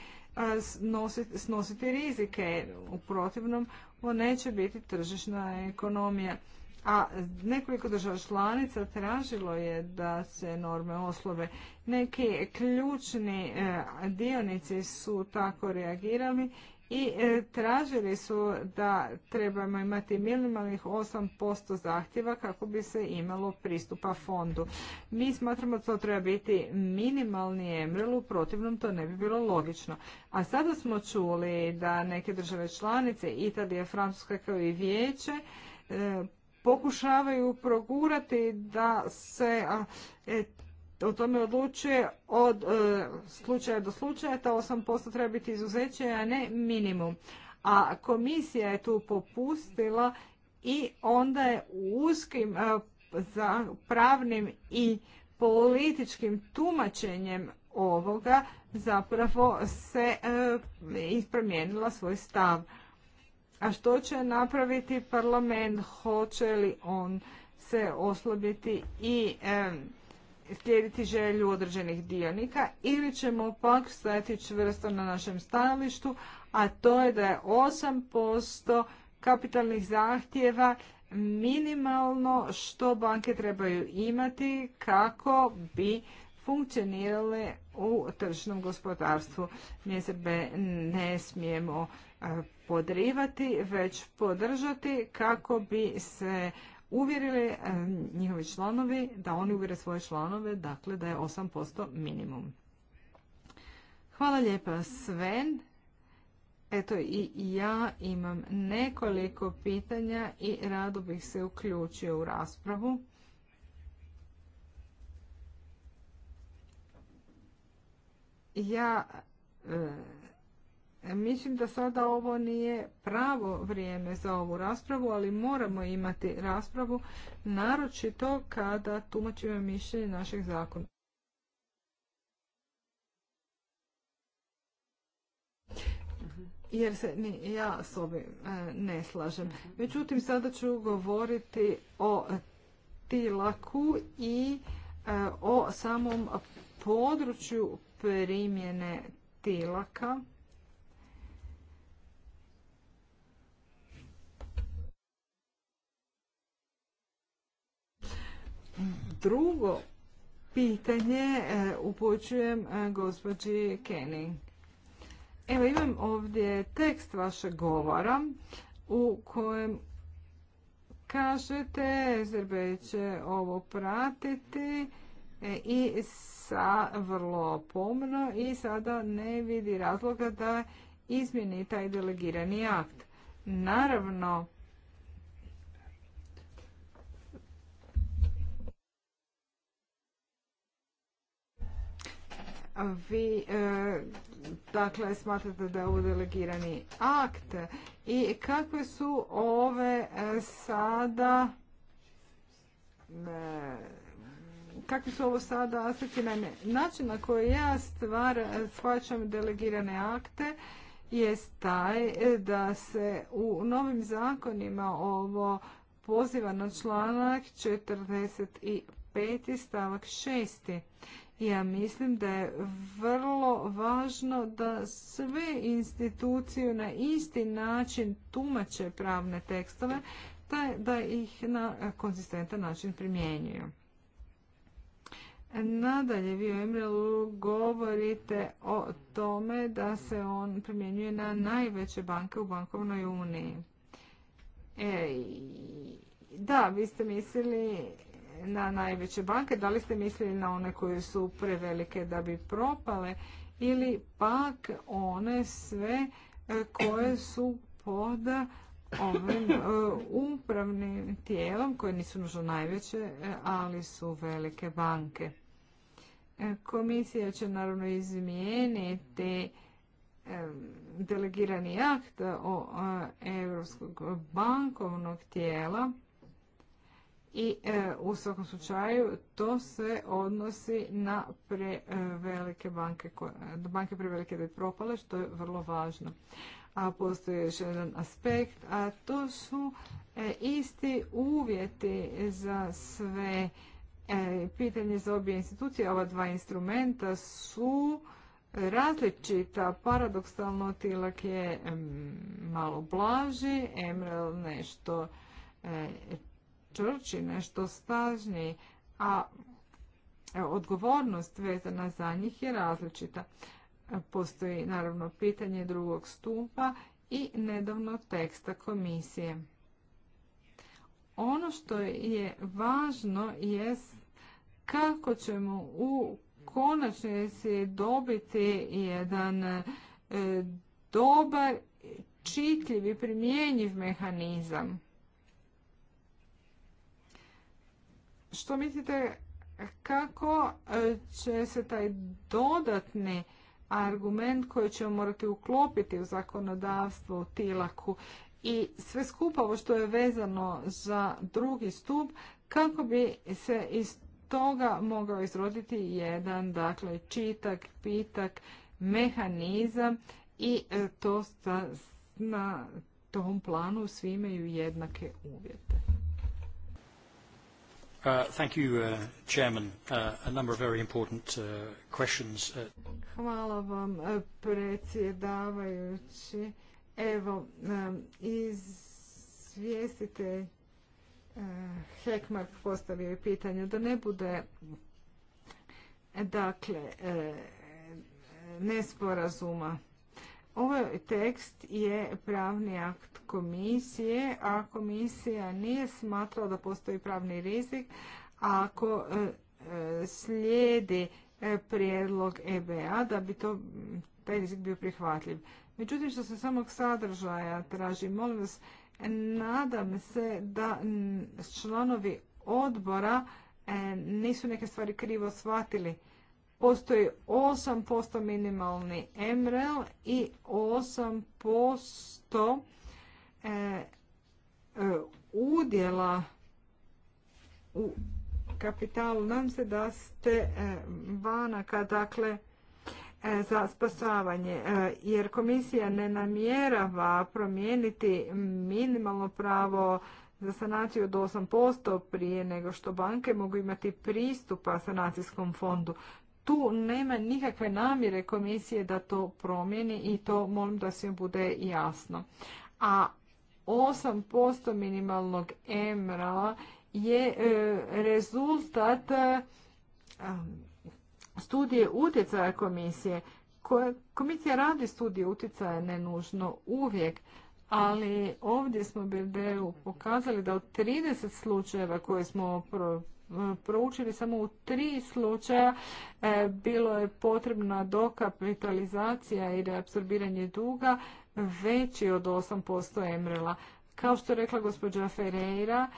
snositi, rizike. U protivnom, ovo neće biti tržišna ekonomija a nekoliko država članica tražilo je da se norme oslove. Neki ključni e, dionici su tako reagirali i e, tražili su da trebamo imati minimalnih 8% zahtjeva kako bi se imalo pristupa fondu. Mi smatramo da to treba biti minimalni emrel, u protivnom to ne bi bilo logično. A sada smo čuli da neke države članice, Italija, Francuska kao i Vijeće, e, pokušavaju progurati da se e, o tome odlučuje od e, slučaja do slučaja, ta 8% treba biti izuzeće, a ne minimum. A komisija je tu popustila i onda je u uskim e, za pravnim i političkim tumačenjem ovoga zapravo se ispromijenila svoj stav. A što će napraviti parlament? Hoće li on se oslobiti i slijediti želju određenih dionika ili ćemo pak stajati čvrsto na našem stajalištu, a to je da je 8% kapitalnih zahtjeva minimalno što banke trebaju imati kako bi funkcionirale u tržišnom gospodarstvu. Mi sebe ne smijemo podrivati, već podržati kako bi se uvjerili njihovi članovi, da oni uvjere svoje članove, dakle da je 8% minimum. Hvala lijepa Sven. Eto i ja imam nekoliko pitanja i rado bih se uključio u raspravu. Ja e, Mislim da sada ovo nije pravo vrijeme za ovu raspravu, ali moramo imati raspravu, naročito kada tumačimo mišljenje našeg zakona. jer se ni ja s ovim e, ne slažem. Međutim, sada ću govoriti o tilaku i e, o samom području primjene tilaka. drugo pitanje e, upućujem e, gospođi Kening. Evo imam ovdje tekst vašeg govora u kojem kažete SRB će ovo pratiti e, i sa vrlo pomno i sada ne vidi razloga da izmjeni taj delegirani akt. Naravno, vi e, dakle smatrate da je ovo delegirani akt i kakve su ove e, sada e, kakvi su ovo sada aspekti na način na koji ja stvar shvaćam delegirane akte jest taj da se u novim zakonima ovo poziva na članak 45. stavak 6. Ja mislim da je vrlo važno da sve institucije na isti način tumače pravne tekstove, da ih na konzistentan način primjenjuju. Nadalje, vi u Emrelu govorite o tome da se on primjenjuje na najveće banke u bankovnoj uniji. E, da, vi ste mislili na najveće banke, da li ste mislili na one koje su prevelike da bi propale ili pak one sve e, koje su pod e, ovim e, upravnim tijelom koje nisu nužno najveće, ali su velike banke. Komisija će naravno izmijeniti delegirani akt o Europskog bankovnog tijela i e, u svakom slučaju to se odnosi na prevelike banke, banke prevelike da je propale, što je vrlo važno. A postoji još jedan aspekt, a to su e, isti uvjeti za sve e, pitanje za obje institucije. Ova dva instrumenta su različita. Paradoksalno tilak je malo blaži, Emrel nešto nešto snažniji, a odgovornost vezana za njih je različita. Postoji naravno pitanje drugog stupa i nedavno teksta komisije. Ono što je važno jest kako ćemo u konačnici dobiti jedan e, dobar, čitljiv i primjenjiv mehanizam. što mislite kako e, će se taj dodatni argument koji ćemo morati uklopiti u zakonodavstvo u tilaku i sve skupa ovo što je vezano za drugi stup kako bi se iz toga mogao izroditi jedan dakle čitak, pitak, mehanizam i e, to na tom planu svi imaju jednake uvjete. Uh, thank you, uh, chairman. Uh, a number of very important uh, questions. Hvala vam predsjedavajući. Evo, um, izvijestite Hekmark postavio je pitanje da ne bude dakle nesporazuma. Ovaj tekst je pravni akt komisije, a komisija nije smatrala da postoji pravni rizik ako e, e, slijedi e, prijedlog EBA da bi to, taj rizik bio prihvatljiv. Međutim, što se samog sadržaja traži, molim vas, nadam se da članovi odbora nisu neke stvari krivo shvatili postoji 8% minimalni MREL i 8% e, e, udjela u kapitalu. Nam se da ste e, banaka, dakle, za spasavanje, jer komisija ne namjerava promijeniti minimalno pravo za sanaciju od 8% prije nego što banke mogu imati pristupa sanacijskom fondu tu nema nikakve namjere komisije da to promijeni i to molim da svim bude jasno. A 8% minimalnog emra je e, rezultat e, studije utjecaja komisije. Komisija radi studije utjecaja ne nužno uvijek, ali ovdje smo BD-u pokazali da od 30 slučajeva koje smo proučili samo u tri slučaja e, bilo je potrebna dokapitalizacija i reabsorbiranje duga veći od 8% emrela. Kao što je rekla gospođa Ferreira,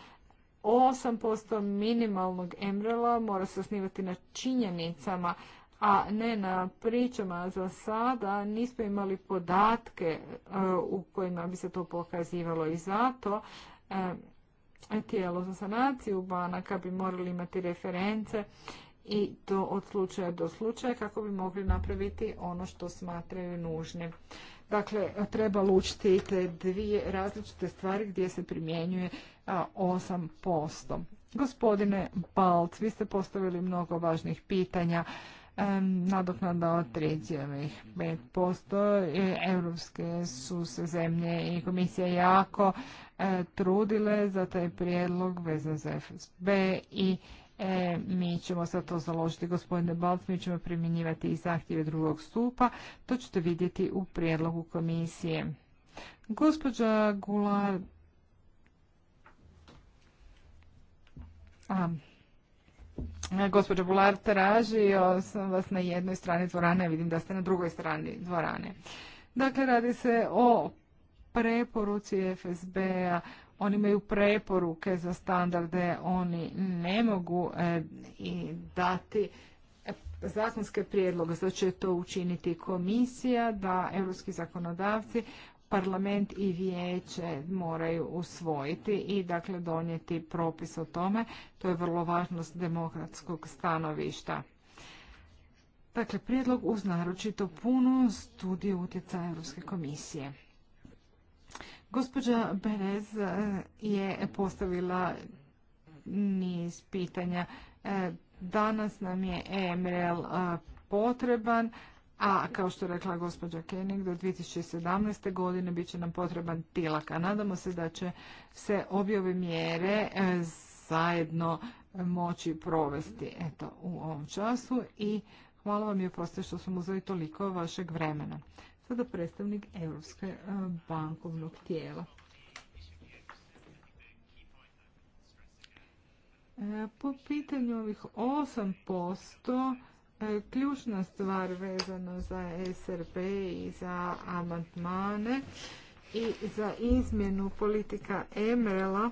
8% minimalnog emrela mora se osnivati na činjenicama, a ne na pričama za sada. Nismo imali podatke e, u kojima bi se to pokazivalo i zato e, tijelo za sanaciju banaka bi morali imati reference i to od slučaja do slučaja kako bi mogli napraviti ono što smatraju nužnim. Dakle, treba lučiti te dvije različite stvari gdje se primjenjuje 8%. Gospodine Balc, vi ste postavili mnogo važnih pitanja. Nadoknada od 3,5%. E, evropske su zemlje i komisija jako E, trudile za taj prijedlog vezan za FSB i E, mi ćemo sad to založiti, gospodine Balc, mi ćemo primjenjivati i zahtjeve drugog stupa. To ćete vidjeti u prijedlogu komisije. Gospođa Gular... A, e, gospođa Gular, tražio sam vas na jednoj strani dvorane, vidim da ste na drugoj strani dvorane. Dakle, radi se o preporuci FSB-a, oni imaju preporuke za standarde, oni ne mogu e, dati e, zakonske prijedloge, zato će to učiniti komisija, da europski zakonodavci, parlament i vijeće moraju usvojiti i dakle donijeti propis o tome. To je vrlo važnost demokratskog stanovišta. Dakle, prijedlog uz naročito punu studiju utjecaja Europske komisije. Gospođa Berez e, je postavila niz pitanja. E, danas nam je EMRL e, potreban, a kao što rekla gospođa Kenig, do 2017. godine bit će nam potreban tilak. A nadamo se da će se objave mjere zajedno moći provesti eto, u ovom času i hvala vam i oprostite što smo uzeli toliko vašeg vremena sada predstavnik Evropske e, bankovnog tijela. E, po pitanju ovih 8%, e, ključna stvar vezano za SRB i za amantmane i za izmjenu politika EML-a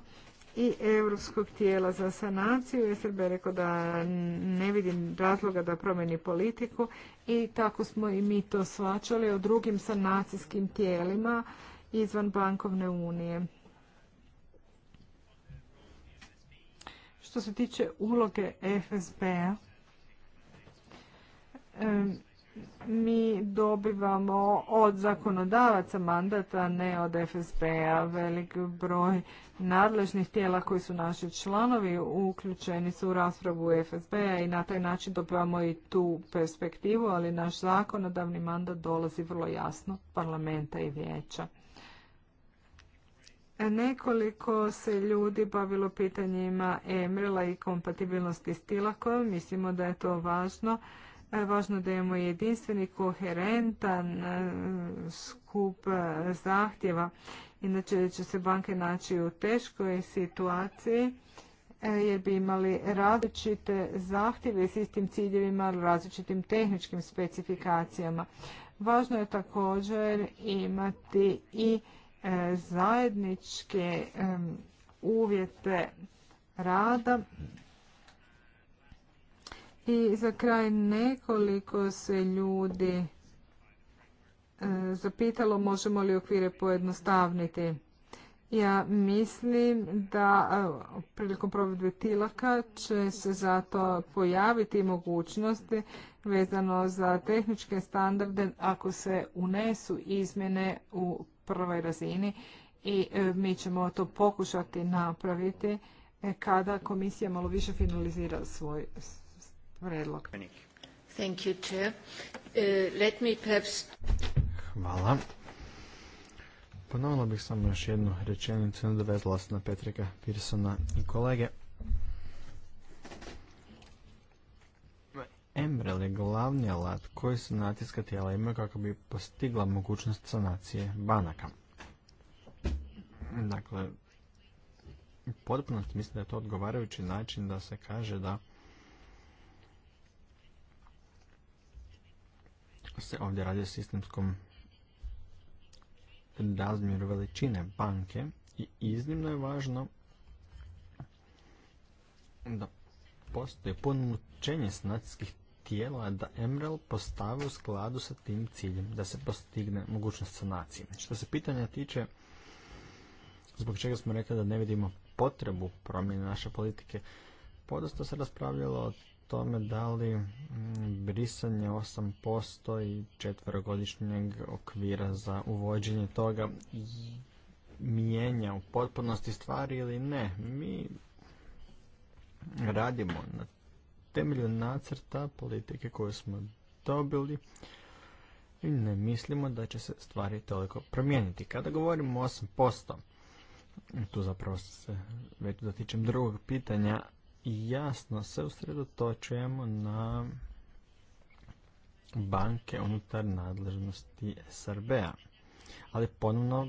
i Europskog tijela za sanaciju. SRB je rekao da ne vidim razloga da promeni politiku i tako smo i mi to svačali o drugim sanacijskim tijelima izvan bankovne unije. Što se tiče uloge FSB-a, mi dobivamo od zakonodavaca mandata, ne od FSB-a. Velik broj nadležnih tijela koji su naši članovi uključeni su u raspravu FSB-a i na taj način dobivamo i tu perspektivu, ali naš zakonodavni mandat dolazi vrlo jasno parlamenta i vijeća. Nekoliko se ljudi bavilo pitanjima Emrila i kompatibilnosti stila kojom mislimo da je to važno E, važno da imamo jedinstveni, koherentan e, skup e, zahtjeva. Inače će se banke naći u teškoj situaciji jer bi imali različite zahtjeve s istim ciljevima, različitim tehničkim specifikacijama. Važno je također imati i zajedničke uvjete rada i za kraj nekoliko se ljudi e, zapitalo možemo li okvire pojednostavniti. Ja mislim da e, prilikom provedbe tilaka će se zato pojaviti mogućnosti vezano za tehničke standarde ako se unesu izmjene u prvoj razini i e, mi ćemo to pokušati napraviti kada komisija malo više finalizira svoj predlog. Thank you, uh, let me perhaps... Hvala. Ponovila bih samo još jednu rečenicu, na se na Petrika Pirsona i kolege. Embrel je glavni alat koji sanacijska tijela imaju kako bi postigla mogućnost sanacije banaka. Dakle, potpuno mislim da je to odgovarajući način da se kaže da se ovdje radi o sistemskom razmjeru veličine banke i iznimno je važno da postoji puno učenje sanacijskih tijela da Emrel postave u skladu sa tim ciljem da se postigne mogućnost sanacije. Što se pitanja tiče, zbog čega smo rekli da ne vidimo potrebu promjene naše politike, podosta se raspravljalo o tome da li mm, brisanje 8% i četverogodišnjeg okvira za uvođenje toga mijenja u potpunosti stvari ili ne. Mi radimo na temelju nacrta politike koju smo dobili i ne mislimo da će se stvari toliko promijeniti. Kada govorimo o 8%, tu zapravo se već dotičem drugog pitanja, jasno se usredotočujemo na banke unutar nadležnosti SRB-a, ali ponovno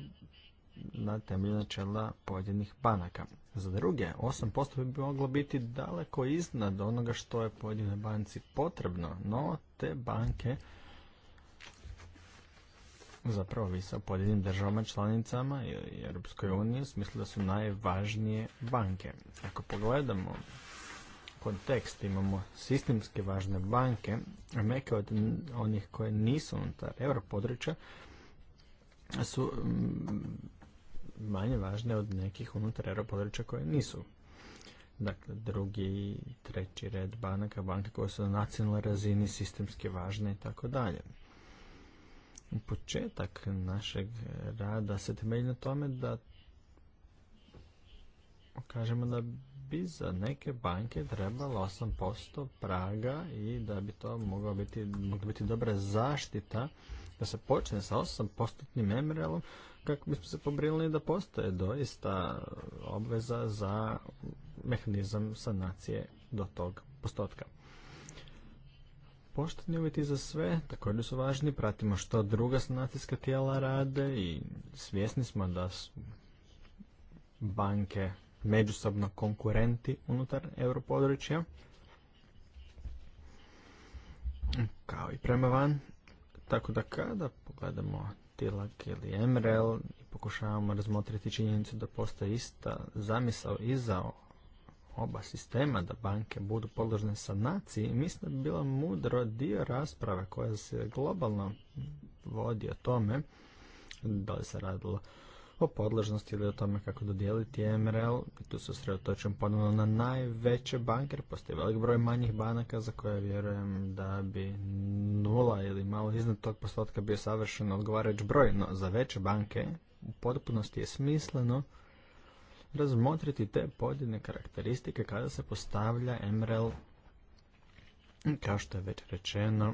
na temelju načela pojedinih banaka. Za druge, 8% bi moglo biti daleko iznad onoga što je pojedinoj banci potrebno, no te banke zapravo vi sa pojedinim državama članicama i Europskoj uniji u da su najvažnije banke. Ako pogledamo kontekst, imamo sistemske važne banke, a neke od onih koje nisu unutar europodručja su mm, manje važne od nekih unutar europodručja koje nisu. Dakle, drugi i treći red banaka, banke koje su na nacionalnoj razini sistemski važne i tako dalje početak našeg rada se temelji na tome da kažemo da bi za neke banke trebalo 8% praga i da bi to moglo biti, mogla biti dobra zaštita da se počne sa 8 postotnim memorialom kako bismo se pobrinuli da postoje doista obveza za mehanizam sanacije do tog postotka. Pošteni uvjeti za sve također su važni, pratimo što druga sanacijska tijela rade i svjesni smo da su banke međusobno konkurenti unutar europodručja, kao i prema van. Tako da kada pogledamo Tilak ili Emrel i pokušavamo razmotriti činjenicu da postoji ista zamisao i za oba sistema, da banke budu podložne sanaciji, mislim da bi bilo mudro dio rasprave koja se globalno vodi o tome, da li se radilo o podložnosti ili o tome kako dodijeliti MRL. Tu se sredotočujem ponovno na najveće banke, jer postoji velik broj manjih banaka za koje vjerujem da bi nula ili malo iznad tog postotka bio savršen odgovarajući broj, no za veće banke u potpunosti je smisleno razmotriti te pojedine karakteristike kada se postavlja MRL, kao što je već rečeno,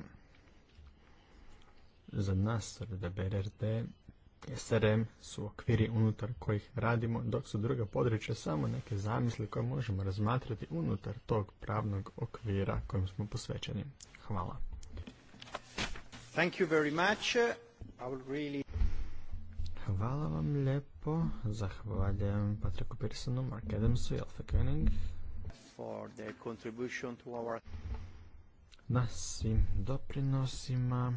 za nas da BRRD SRM su okviri unutar kojih radimo, dok su druga područja samo neke zamisli koje možemo razmatrati unutar tog pravnog okvira kojim smo posvećeni. Hvala. Hvala vam lijepo. Zahvaljujem Patriku Pearsonu, Mark Adamsu i Alfa Koenig. Na svim doprinosima.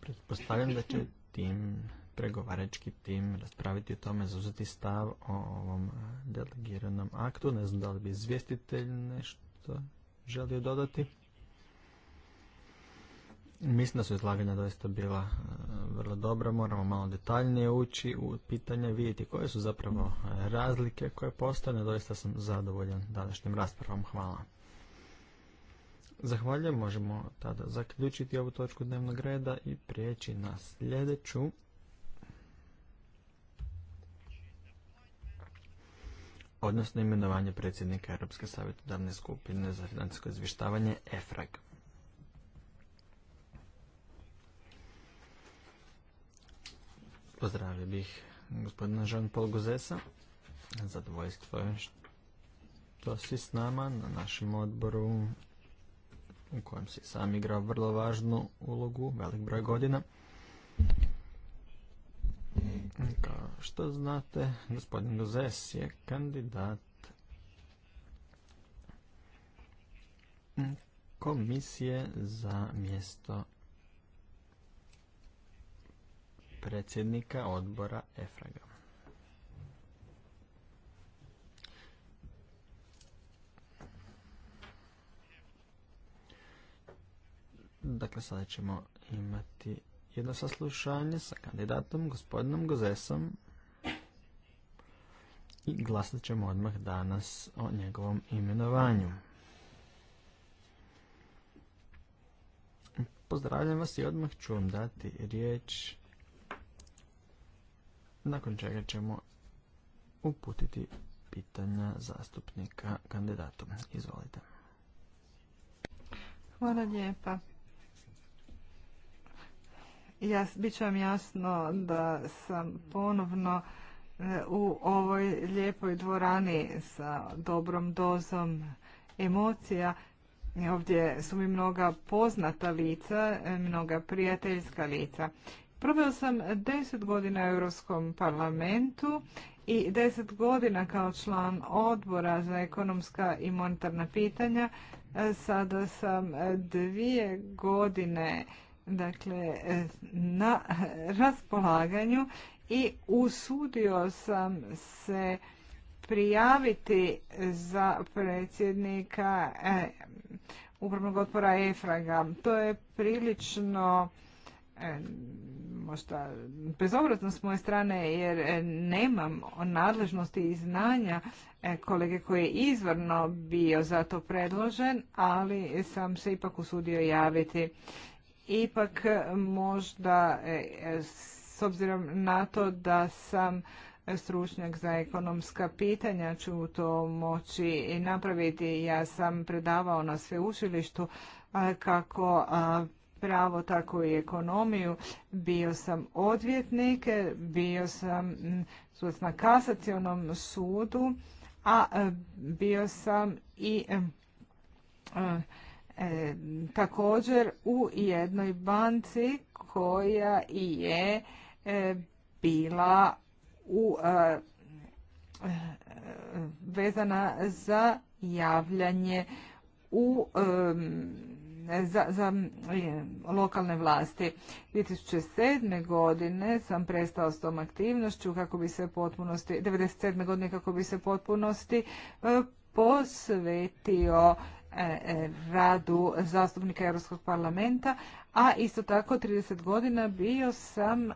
Pretpostavljam da će tim, pregovarački tim raspraviti o tome, zauzeti stav o ovom e, delegiranom aktu. Ne znam da li bi izvjestitelj nešto želio dodati. Mislim da su izlaganja doista bila e, vrlo dobra, moramo malo detaljnije ući u pitanje, vidjeti koje su zapravo e, razlike koje postane. Doista sam zadovoljan današnjim raspravom. Hvala. Zahvaljujem, možemo tada zaključiti ovu točku dnevnog reda i prijeći na sljedeću. Odnosno imenovanje predsjednika Europske savjetodavne skupine za financijsko izvještavanje EFRAG. Pozdravio bih gospodina Jean-Paul Gozesa. Zadovoljstvo je što si s nama na našem odboru u kojem si sam igrao vrlo važnu ulogu, velik broj godina. Kao što znate, gospodin Gozes je kandidat komisije za mjesto predsjednika odbora EFRAGA. Dakle, sada ćemo imati jedno saslušanje sa kandidatom, gospodinom Gozesom i glasat ćemo odmah danas o njegovom imenovanju. Pozdravljam vas i odmah ću vam dati riječ nakon čega ćemo uputiti pitanja zastupnika kandidatu. Izvolite. Hvala lijepa. Ja, bit vam jasno da sam ponovno e, u ovoj lijepoj dvorani sa dobrom dozom emocija. Ovdje su mi mnoga poznata lica, e, mnoga prijateljska lica. Proveo sam deset godina u Europskom parlamentu i deset godina kao član odbora za ekonomska i monetarna pitanja. E, sada sam e, dvije godine dakle, e, na raspolaganju i usudio sam se prijaviti za predsjednika upravnog otpora EFRAGA. To je prilično E, možda bezobrazno s moje strane jer e, nemam nadležnosti i znanja e, kolege koji je izvorno bio za to predložen, ali sam se ipak usudio javiti. Ipak možda s obzirom na to da sam stručnjak za ekonomska pitanja ću to moći napraviti. Ja sam predavao na sveučilištu kako pravo, tako i ekonomiju. Bio sam odvjetnik, bio sam mm, na kasacionom sudu, a e, bio sam i e, e, također u jednoj banci koja i je bila u vezana za javljanje u za, e, lokalne vlasti. 2007. godine sam prestao s tom aktivnošću kako bi se potpunosti, 97. godine kako bi se potpunosti e, posvetio e, radu zastupnika Europskog parlamenta, a isto tako 30 godina bio sam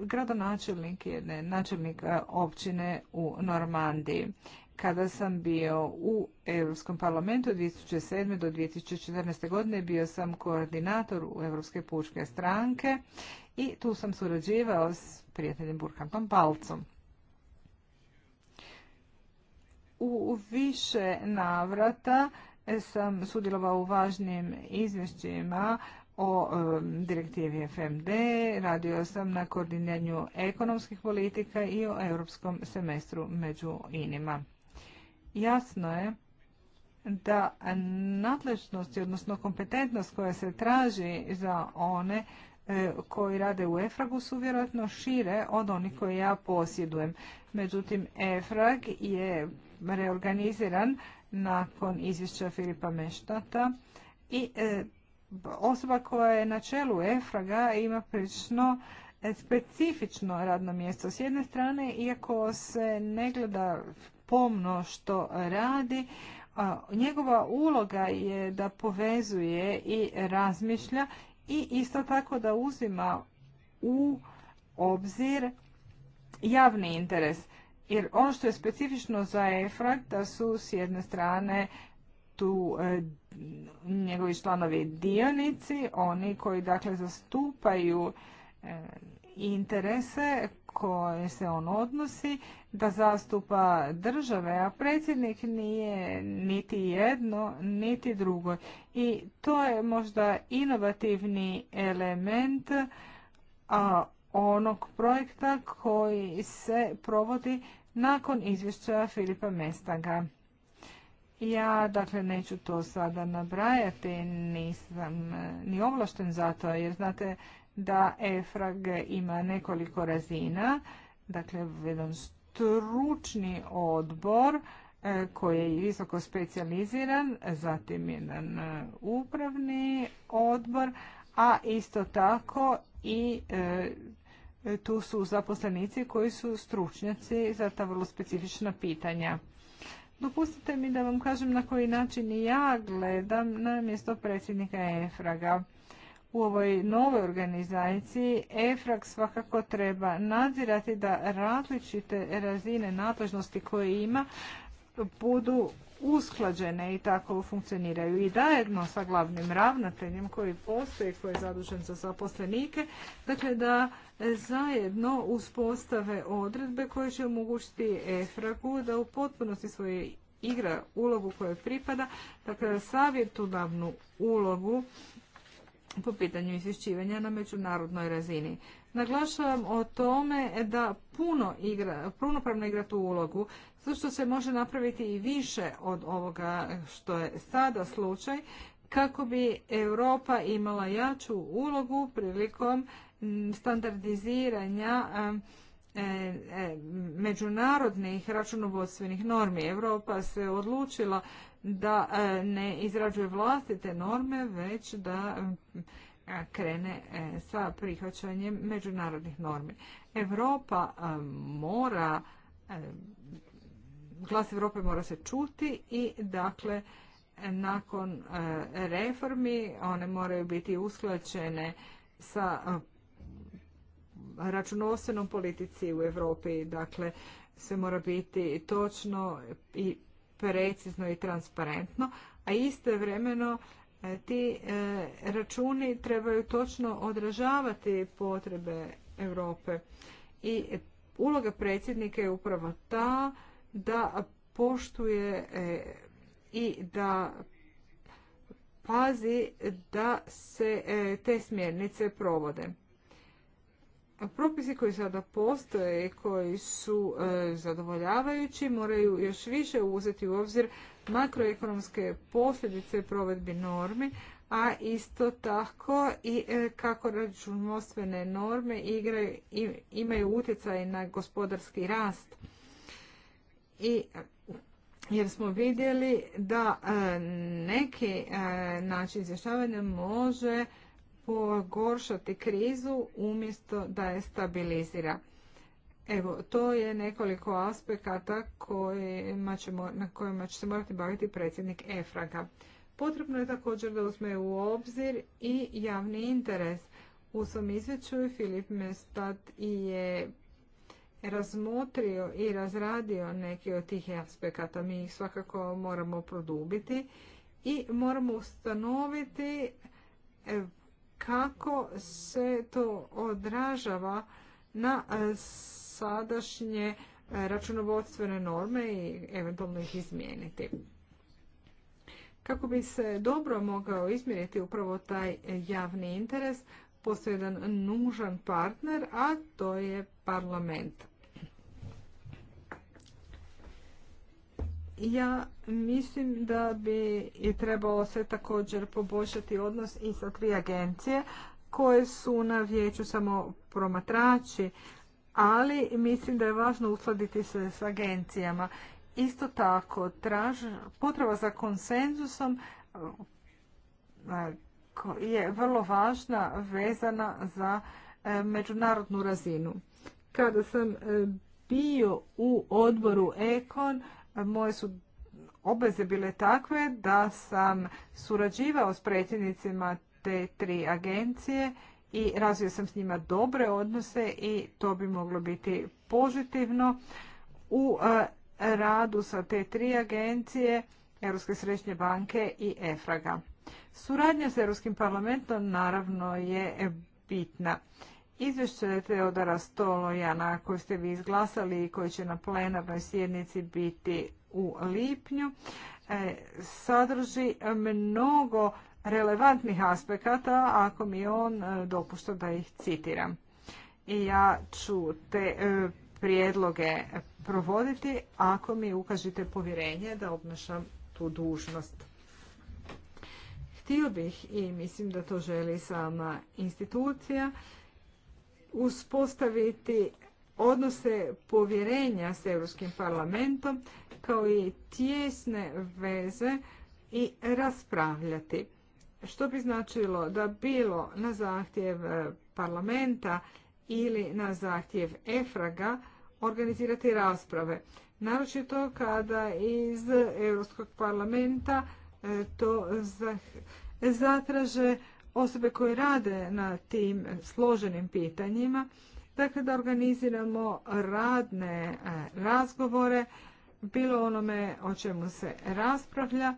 gradonačelnik jedne načelnika općine u Normandiji. Kada sam bio u Europskom parlamentu 2007. do 2014. godine bio sam koordinator u Europske pučke stranke i tu sam surađivao s prijateljem Burkantom Palcom. U više navrata sam sudjelovao u važnim izvješćima o direktivi FMD, radio sam na koordiniranju ekonomskih politika i o europskom semestru među inima jasno je da nadležnost, odnosno kompetentnost koja se traži za one e, koji rade u EFRAG-u su vjerojatno šire od onih koje ja posjedujem. Međutim, EFRAG je reorganiziran nakon izvješća Filipa Meštata i e, osoba koja je na čelu EFRAG-a ima prilično e, specifično radno mjesto. S jedne strane, iako se ne gleda pomno što radi. Njegova uloga je da povezuje i razmišlja i isto tako da uzima u obzir javni interes. Jer ono što je specifično za EFRAG da su s jedne strane tu e, njegovi članovi dionici, oni koji dakle zastupaju e, interese koje se on odnosi, da zastupa države, a predsjednik nije niti jedno, niti drugo. I to je možda inovativni element a, onog projekta koji se provodi nakon izvješća Filipa Mestaga. Ja dakle neću to sada nabrajati, nisam eh, ni ovlašten za to jer znate da EFRAG ima nekoliko razina, dakle jedan stručni odbor e, koji je visoko specijaliziran, zatim jedan e, upravni odbor, a isto tako i e, tu su zaposlenici koji su stručnjaci za ta vrlo specifična pitanja. Dopustite mi da vam kažem na koji način ja gledam na mjesto predsjednika EFRAGA u ovoj novoj organizaciji EFRAG svakako treba nadzirati da različite razine nadležnosti koje ima budu usklađene i tako funkcioniraju i dajedno sa glavnim ravnateljem koji postoji, koji je zadužen za zaposlenike, dakle da zajedno uspostave odredbe koje će omogućiti EFRAG-u da u potpunosti svoje igra ulogu kojoj pripada, dakle savjetodavnu ulogu po pitanju izvješćivanja na međunarodnoj razini. Naglašavam o tome da puno igra, punopravno igra tu ulogu, zato što se može napraviti i više od ovoga što je sada slučaj, kako bi Europa imala jaču ulogu prilikom standardiziranja međunarodnih računovodstvenih normi. Europa se odlučila da e, ne izrađuje vlastite norme, već da e, krene e, sa prihvaćanjem međunarodnih normi. Evropa mora, glas Europe mora se čuti i dakle nakon reformi one moraju biti usklađene sa računovodstvenom politici u Europi, dakle se mora biti točno i precizno i transparentno, a istovremeno e, ti e, računi trebaju točno odražavati potrebe Europe. I uloga predsjednika je upravo ta da poštuje e, i da pazi da se te smjernice provode propisi koji sada postoje i koji su e, zadovoljavajući moraju još više uzeti u obzir makroekonomske posljedice provedbi normi, a isto tako i e, kako računovodstvene norme igraju, imaju utjecaj na gospodarski rast. I jer smo vidjeli da e, neki način izvještavanja može pogoršati krizu umjesto da je stabilizira. Evo, to je nekoliko aspekata kojima ćemo, na kojima će se morati baviti predsjednik Efraga. Potrebno je također da uzme u obzir i javni interes. U svom izveću Filip Mestad je razmotrio i razradio neke od tih aspekata. Mi ih svakako moramo produbiti i moramo ustanoviti kako se to odražava na e, sadašnje e, računovodstvene norme i eventualno ih izmijeniti. Kako bi se dobro mogao izmijeniti upravo taj javni interes, postoji jedan nužan partner, a to je parlament. Ja mislim da bi je trebalo se također poboljšati odnos i sa tri agencije koje su na vijeću samo promatrači, ali mislim da je važno uskladiti se s agencijama. Isto tako, traž, potreba za konsenzusom eh, je vrlo važna vezana za eh, međunarodnu razinu. Kada sam eh, bio u odboru Ekon, moje su obveze bile takve da sam surađivao s predsjednicima te tri agencije i razvio sam s njima dobre odnose i to bi moglo biti pozitivno u e, radu sa te tri agencije Europske središnje banke i EFRAGA. Suradnja s Europskim parlamentom naravno je bitna Izvješće Teodora Stolojana koje ste vi izglasali i koje će na plenarnoj sjednici biti u lipnju e, sadrži mnogo relevantnih aspekata ako mi on e, dopušta da ih citiram. I ja ću te e, prijedloge provoditi ako mi ukažite povjerenje da obnašam tu dužnost. Htio bih i mislim da to želi sama institucija uspostaviti odnose povjerenja s Europskim parlamentom kao i tjesne veze i raspravljati. Što bi značilo da bilo na zahtjev eh, parlamenta ili na zahtjev EFRAGA organizirati rasprave. Naročito kada iz Europskog parlamenta eh, to zatraže osobe koje rade na tim složenim pitanjima, dakle da organiziramo radne e, razgovore, bilo onome o čemu se raspravlja,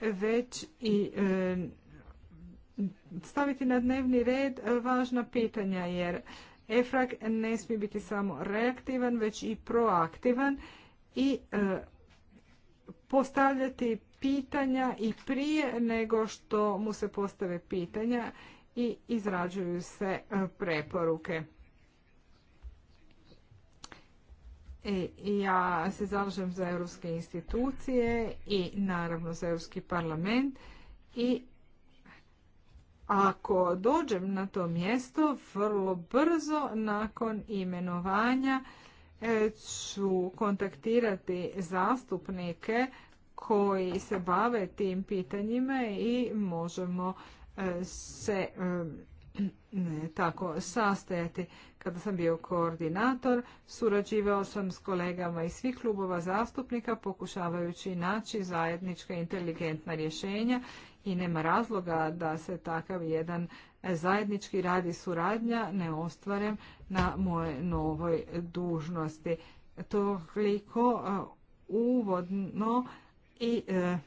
već i e, staviti na dnevni red važna pitanja, jer EFRAG ne smije biti samo reaktivan, već i proaktivan i e, postavljati pitanja i prije nego što mu se postave pitanja i izrađuju se e, preporuke. E, ja se zalažem za europske institucije i naravno za europski parlament i ako dođem na to mjesto, vrlo brzo nakon imenovanja e, ću kontaktirati zastupnike koji se bave tim pitanjima i možemo e, se e, ne, tako sastajati. Kada sam bio koordinator, surađivao sam s kolegama iz svih klubova zastupnika pokušavajući naći zajednička inteligentna rješenja i nema razloga da se takav jedan e, zajednički radi suradnja ne ostvarem na moje novoj dužnosti. Toliko uvodno i e,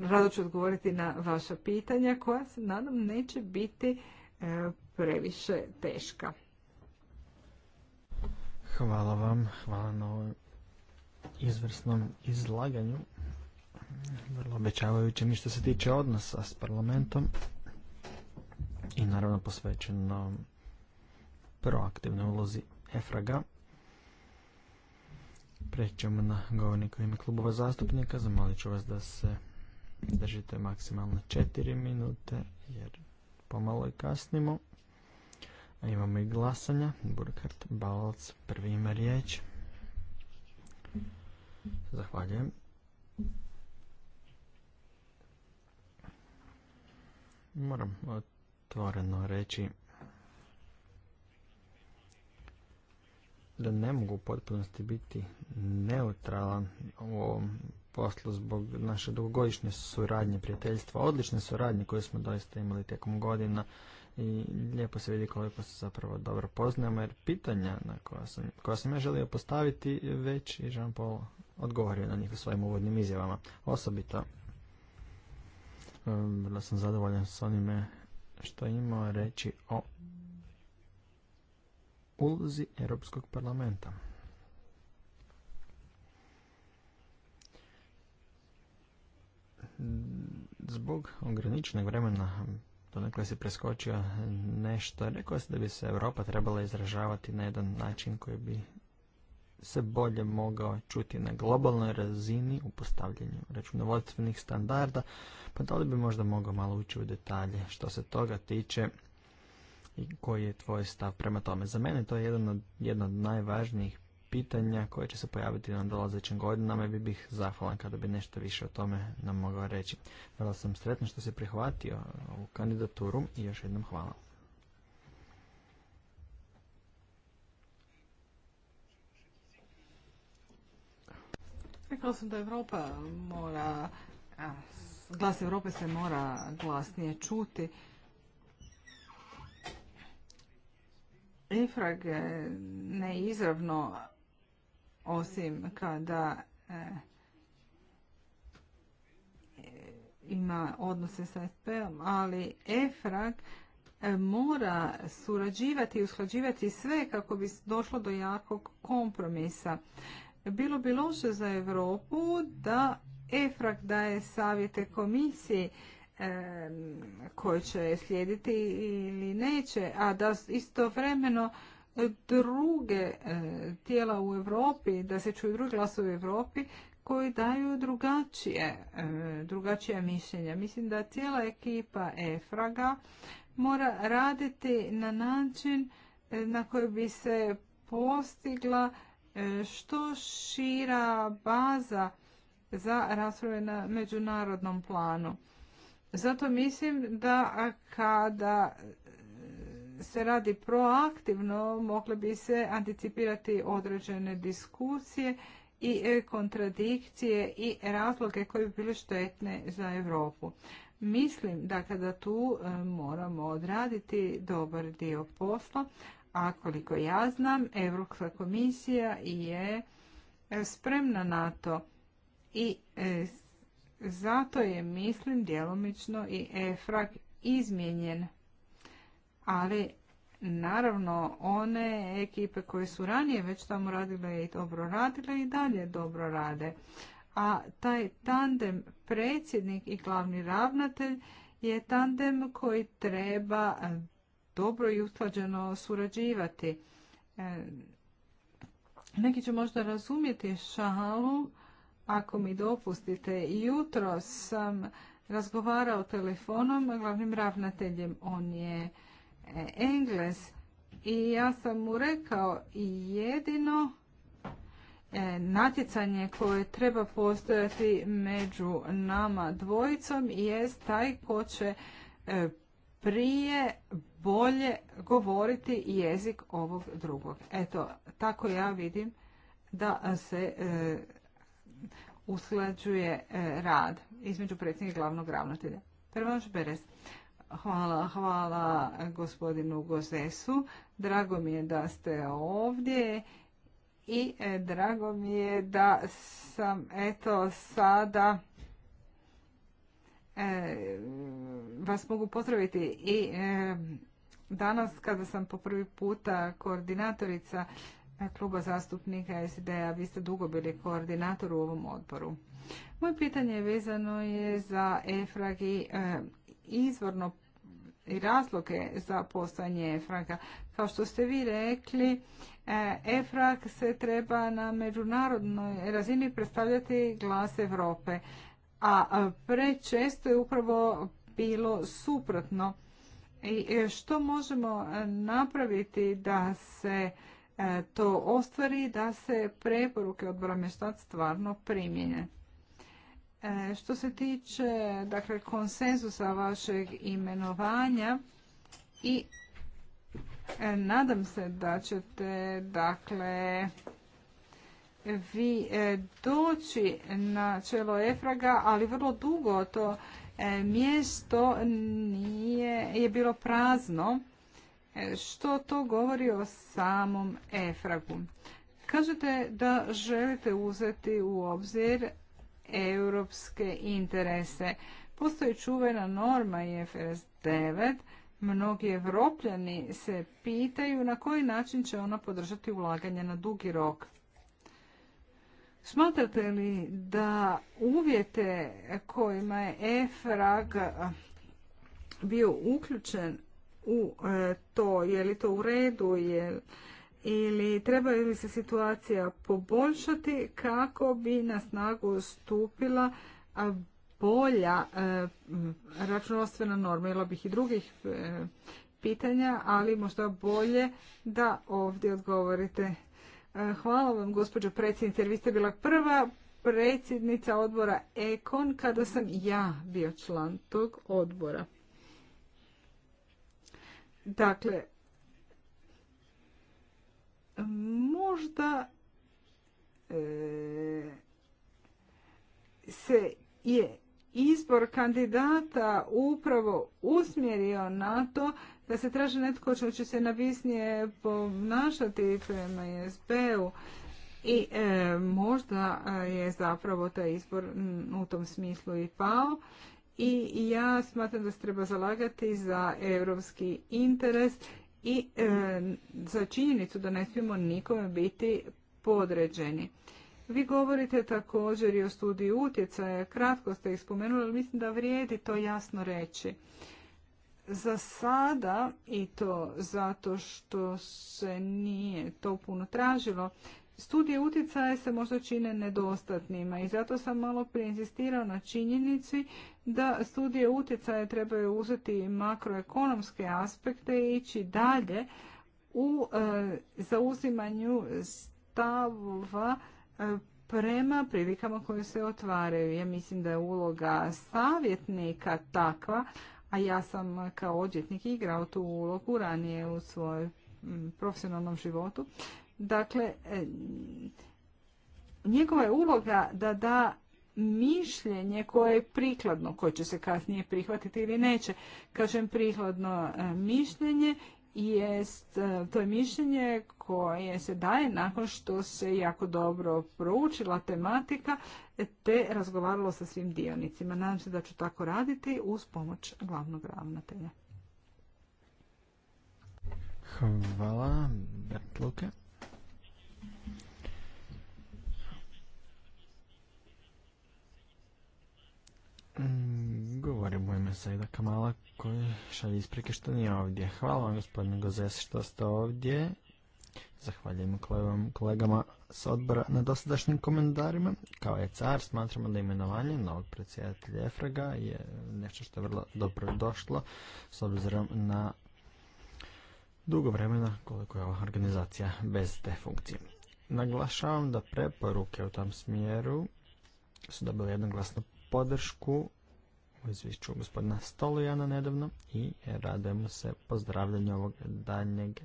rado ću odgovoriti na vaša pitanja koja se nadam neće biti e, previše teška. Hvala vam, hvala na ovom izvrsnom izlaganju, vrlo obećavajuće mi što se tiče odnosa s parlamentom i naravno posvećeno proaktivnoj ulozi Efraga. Prećemo na govornika ime klubova zastupnika. Zamolit ću vas da se držite maksimalno 4 minute jer pomalo i kasnimo. A imamo i glasanja. Burkhard Balac prvi ima riječ. Zahvaljujem. Moram otvoreno reći da ne mogu u potpunosti biti neutralan u ovom poslu zbog naše dugogodišnje suradnje, prijateljstva, odlične suradnje koje smo doista imali tijekom godina i lijepo se vidi koliko se zapravo dobro poznajemo jer pitanja na koja sam, ja želio postaviti već i Jean Paul odgovorio na njih u svojim uvodnim izjavama. Osobito da ehm, sam zadovoljan s onime što je imao reći o ulozi Europskog parlamenta. Zbog ograničenog vremena donekle si preskočio nešto. Rekao se da bi se Europa trebala izražavati na jedan način koji bi se bolje mogao čuti na globalnoj razini u postavljanju računovodstvenih standarda, pa da li bi možda mogao malo ući u detalje što se toga tiče i koji je tvoj stav prema tome. Za mene to je jedan od, jedno od najvažnijih pitanja koje će se pojaviti na dolazećim godinama i bi bih zahvalan kada bi nešto više o tome nam mogao reći. Vrlo sam sretno što se prihvatio ovu kandidaturu i još jednom hvala. Rekla sam da Europa mora, glas Europe se mora glasnije čuti EFRAG ne izravno, osim kada e, ima odnose sa SP-om, ali EFRAG e, mora surađivati i usklađivati sve kako bi došlo do jakog kompromisa. Bilo bi loše za Europu da EFRAG daje savjete komisiji, koje će slijediti ili neće, a da istovremeno druge eh, tijela u Europi, da se čuju drugi glas u Europi koji daju drugačije, eh, drugačije mišljenja. Mislim da cijela ekipa EFRAGA mora raditi na način eh, na koji bi se postigla što šira baza za rasprave na međunarodnom planu. Zato mislim da kada e, se radi proaktivno, mogle bi se anticipirati određene diskusije i e, kontradikcije i razloge koje bi bile štetne za Europu. Mislim da kada tu e, moramo odraditi dobar dio posla, a koliko ja znam, Europska komisija je spremna na to i zato je, mislim, djelomično i EFRAG izmijenjen. Ali, naravno, one ekipe koje su ranije već tamo radile i dobro radile i dalje dobro rade. A taj tandem predsjednik i glavni ravnatelj je tandem koji treba dobro i usklađeno surađivati. E, neki će možda razumjeti šalu, ako mi dopustite, jutro sam razgovarao telefonom glavnim ravnateljem, on je e, Engles i ja sam mu rekao jedino e, natjecanje koje treba postojati među nama dvojicom jest taj ko će e, prije bolje govoriti jezik ovog drugog. Eto, tako ja vidim da se usklađuje e, rad između predsjednika i glavnog ravnatelja. Prvanš Beres. Hvala, hvala gospodinu Gozesu. Drago mi je da ste ovdje i e, drago mi je da sam eto sada e, vas mogu pozdraviti i danas kada sam po prvi puta koordinatorica E, kluba zastupnika sda a Vi ste dugo bili koordinator u ovom odboru. Moje pitanje je vezano je za EFRAG i e, izvorno i razloge za postojanje EFRAG-a. Kao što ste vi rekli, e, EFRAG se treba na međunarodnoj razini predstavljati glas Europe, a prečesto je upravo bilo suprotno. I što možemo napraviti da se E, to ostvari da se preporuke odbora mještac stvarno primjenje. E, što se tiče dakle, konsenzusa vašeg imenovanja i e, nadam se da ćete dakle vi doći na čelo Efraga, ali vrlo dugo to mjesto nije, je bilo prazno E, što to govori o samom EFRAG-u? Kažete da želite uzeti u obzir europske interese. Postoji čuvena norma IFRS 9. Mnogi evropljani se pitaju na koji način će ona podržati ulaganje na dugi rok. Smatrate li da uvjete kojima je EFRAG bio uključen u e, to, je li to u redu je, ili treba li se situacija poboljšati kako bi na snagu stupila bolja e, računostvena norma. Imala bih i drugih e, pitanja, ali možda bolje da ovdje odgovorite. Hvala vam, gospođo predsjednice, jer vi ste bila prva predsjednica odbora Ekon kada sam ja bio član tog odbora. Dakle, možda e, se je izbor kandidata upravo usmjerio na to da se traži netko što će se navisnije ponašati prema ISB-u i e, možda je zapravo taj izbor u tom smislu i pao i ja smatram da se treba zalagati za europski interes i e, za činjenicu da ne smijemo nikome biti podređeni. Vi govorite također i o studiju utjecaja, kratko ste ih spomenuli, ali mislim da vrijedi to jasno reći. Za sada, i to zato što se nije to puno tražilo, Studije utjecaja se možda čine nedostatnima i zato sam malo prije na činjenici da studije utjecaja trebaju uzeti makroekonomske aspekte i ići dalje u e, zauzimanju stavova e, prema prilikama koje se otvaraju. Ja mislim da je uloga savjetnika takva, a ja sam kao odvjetnik igrao tu ulogu ranije u svojoj profesionalnom životu, Dakle, e, njegova je uloga da da mišljenje koje je prikladno, koje će se kasnije prihvatiti ili neće. Kažem prikladno e, mišljenje jest e, to je mišljenje koje se daje nakon što se jako dobro proučila tematika te razgovaralo sa svim dionicima. Nadam se da ću tako raditi uz pomoć glavnog ravnatelja. Hvala, Bert Mm, Govorimo ime Sajda Kamala koji šalje isprike što nije ovdje. Hvala vam gospodine Gozes što ste ovdje. Zahvaljujemo kolegama s odbora na dosadašnjim komentarima. Kao je car, smatramo da imenovanje novog predsjedatelja Efraga je nešto što je vrlo dobro došlo s obzirom na dugo vremena koliko je ova organizacija bez te funkcije. Naglašavam da preporuke u tom smjeru su dobili jednoglasno podršku u izvješću gospodina Stolijana nedavno i radujemo se pozdravljanju ovog daljnjeg e,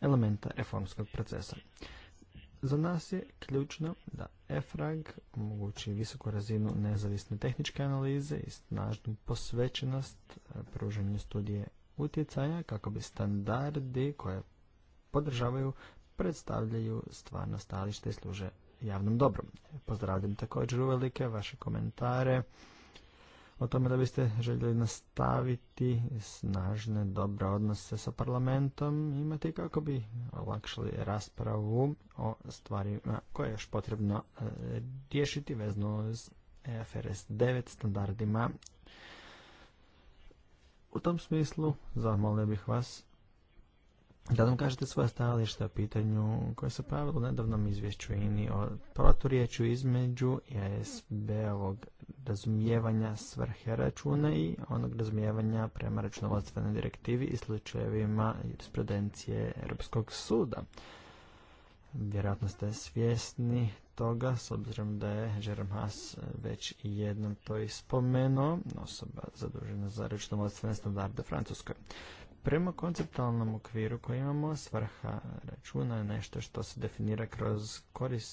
elementa reformskog procesa. Za nas je ključno da EFRAG omogući visoku razinu nezavisne tehničke analize i snažnu posvećenost e, pružanju studije utjecaja kako bi standardi koje podržavaju predstavljaju stvarno stalište i služe javnom dobrom. Pozdravljam također uvelike vaše komentare o tome da biste željeli nastaviti snažne, dobre odnose sa parlamentom imati kako bi olakšali raspravu o stvarima koje je još potrebno e, riješiti vezno e s EFRS 9 standardima. U tom smislu zamolio bih vas da nam kažete svoje stajalište o pitanju koje se pravilo u nedavnom izvješću INI o proturječju između ESB-ovog razumijevanja svrhe računa i onog razumijevanja prema računovodstvenoj direktivi i slučajevima jurisprudencije Europskog suda. Vjerojatno ste svjesni toga, s obzirom da je Jerem Haas već jednom to i spomenuo, osoba zadužena za računovodstvene standarde Francuskoj. Prema konceptualnom okviru koji imamo, svrha računa je nešto što se definira kroz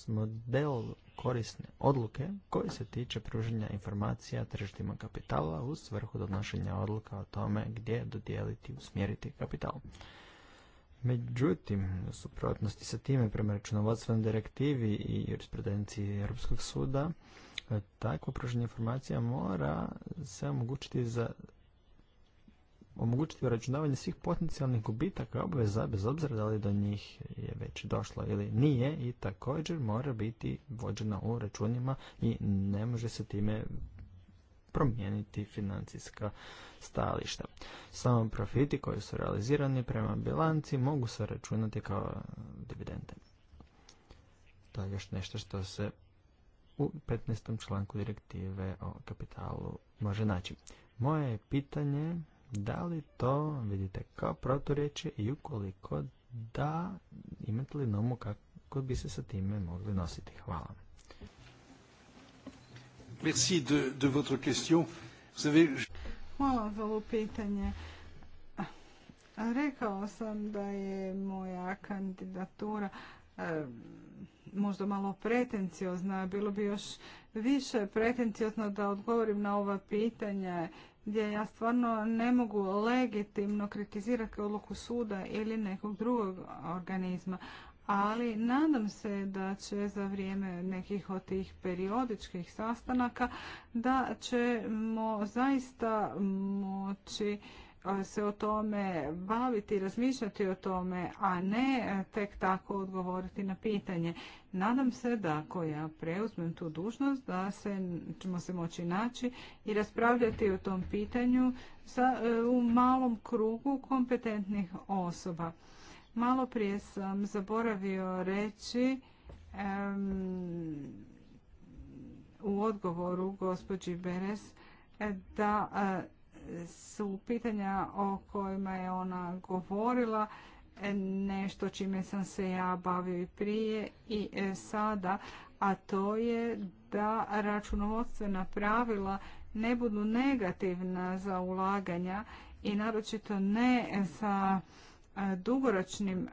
model korisne odluke koji se tiče pružanja informacija tržištima kapitala u svrhu donošenja odluka o tome gdje dodijeliti i usmjeriti kapital. Međutim, u suprotnosti sa time prema računovodstvenoj direktivi i jurisprudenciji Europskog suda, takvo pružanje informacija mora se omogućiti za omogućiti uračunavanje svih potencijalnih gubitaka obveza bez obzira da li do njih je već došlo ili nije i također mora biti vođena u računima i ne može se time promijeniti financijska stališta. Samo profiti koji su realizirani prema bilanci mogu se računati kao dividende. To je još nešto što se u 15. članku direktive o kapitalu može naći. Moje pitanje da li to vidite kao proturječje i ukoliko da, imate li nomu kako bi se sa time mogli nositi? Hvala. Merci de, de votre question. Hvala za ovo pitanje. Rekao sam da je moja kandidatura e, možda malo pretenciozna, bilo bi još više pretenciozno da odgovorim na ova pitanja gdje ja stvarno ne mogu legitimno kritizirati odluku suda ili nekog drugog organizma. Ali nadam se da će za vrijeme nekih od tih periodičkih sastanaka da ćemo zaista moći se o tome baviti, razmišljati o tome, a ne e, tek tako odgovoriti na pitanje. Nadam se da ako ja preuzmem tu dužnost, da se, ćemo se moći naći i raspravljati o tom pitanju sa, e, u malom krugu kompetentnih osoba. Malo prije sam zaboravio reći u odgovoru gospođi Beres e, da su pitanja o kojima je ona govorila nešto čime sam se ja bavio i prije i e, sada, a to je da računovodstvena pravila ne budu negativna za ulaganja i naročito ne sa e, dugoročnim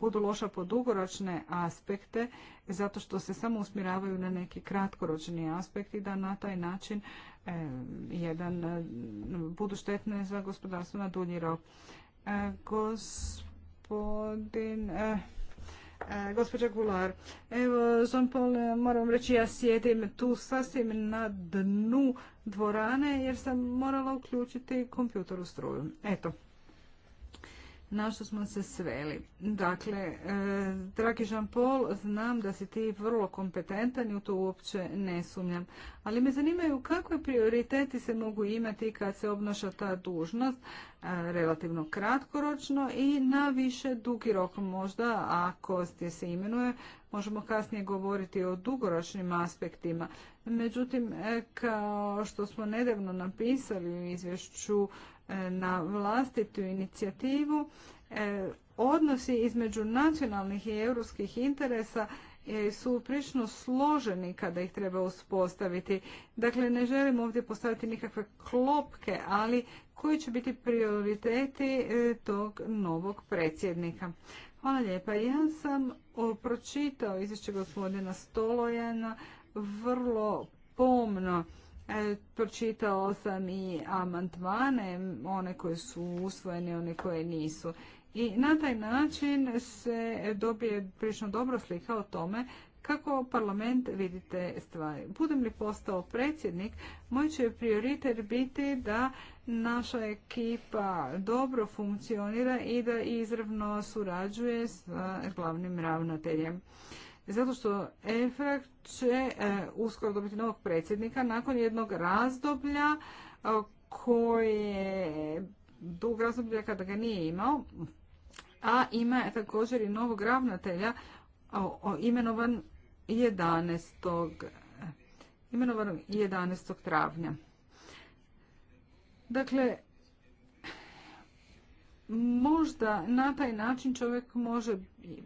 budu loša po dugoročne aspekte zato što se samo usmjeravaju na neki kratkoročni aspekt i da na taj način E, jedan e, budu štetne za gospodarstvo na dulji rok. E, gospodin gospođa Gular. Evo, Jean-Paul, moram reći, ja sjedim tu sasvim na dnu dvorane jer sam morala uključiti kompjuter u struju. Eto na što smo se sveli. Dakle, e, dragi Jean-Paul, znam da si ti vrlo kompetentan i u to uopće ne sumnjam. Ali me zanimaju kakve prioriteti se mogu imati kad se obnaša ta dužnost e, relativno kratkoročno i na više dugi rok možda ako ste se imenuje. Možemo kasnije govoriti o dugoročnim aspektima. Međutim, e, kao što smo nedavno napisali u izvješću na vlastitu inicijativu, e, odnosi između nacionalnih i europskih interesa e, su prično složeni kada ih treba uspostaviti. Dakle, ne želim ovdje postaviti nikakve klopke, ali koji će biti prioriteti e, tog novog predsjednika. Hvala lijepa. Ja sam pročitao izvješće gospodina Stolojena vrlo pomno E, pročitao sam i amantmane, one koje su usvojene, one koje nisu. I na taj način se dobije prilično dobro slika o tome kako parlament vidite stvari. Budem li postao predsjednik, moj će prioritet biti da naša ekipa dobro funkcionira i da izravno surađuje s glavnim ravnateljem. Zato što EFRAG će e, uskoro dobiti novog predsjednika nakon jednog razdoblja e, koje dug razdoblja kada ga nije imao, a ima također i novog ravnatelja imenovan 11. imenovan 11. travnja. Dakle, možda na taj način čovjek može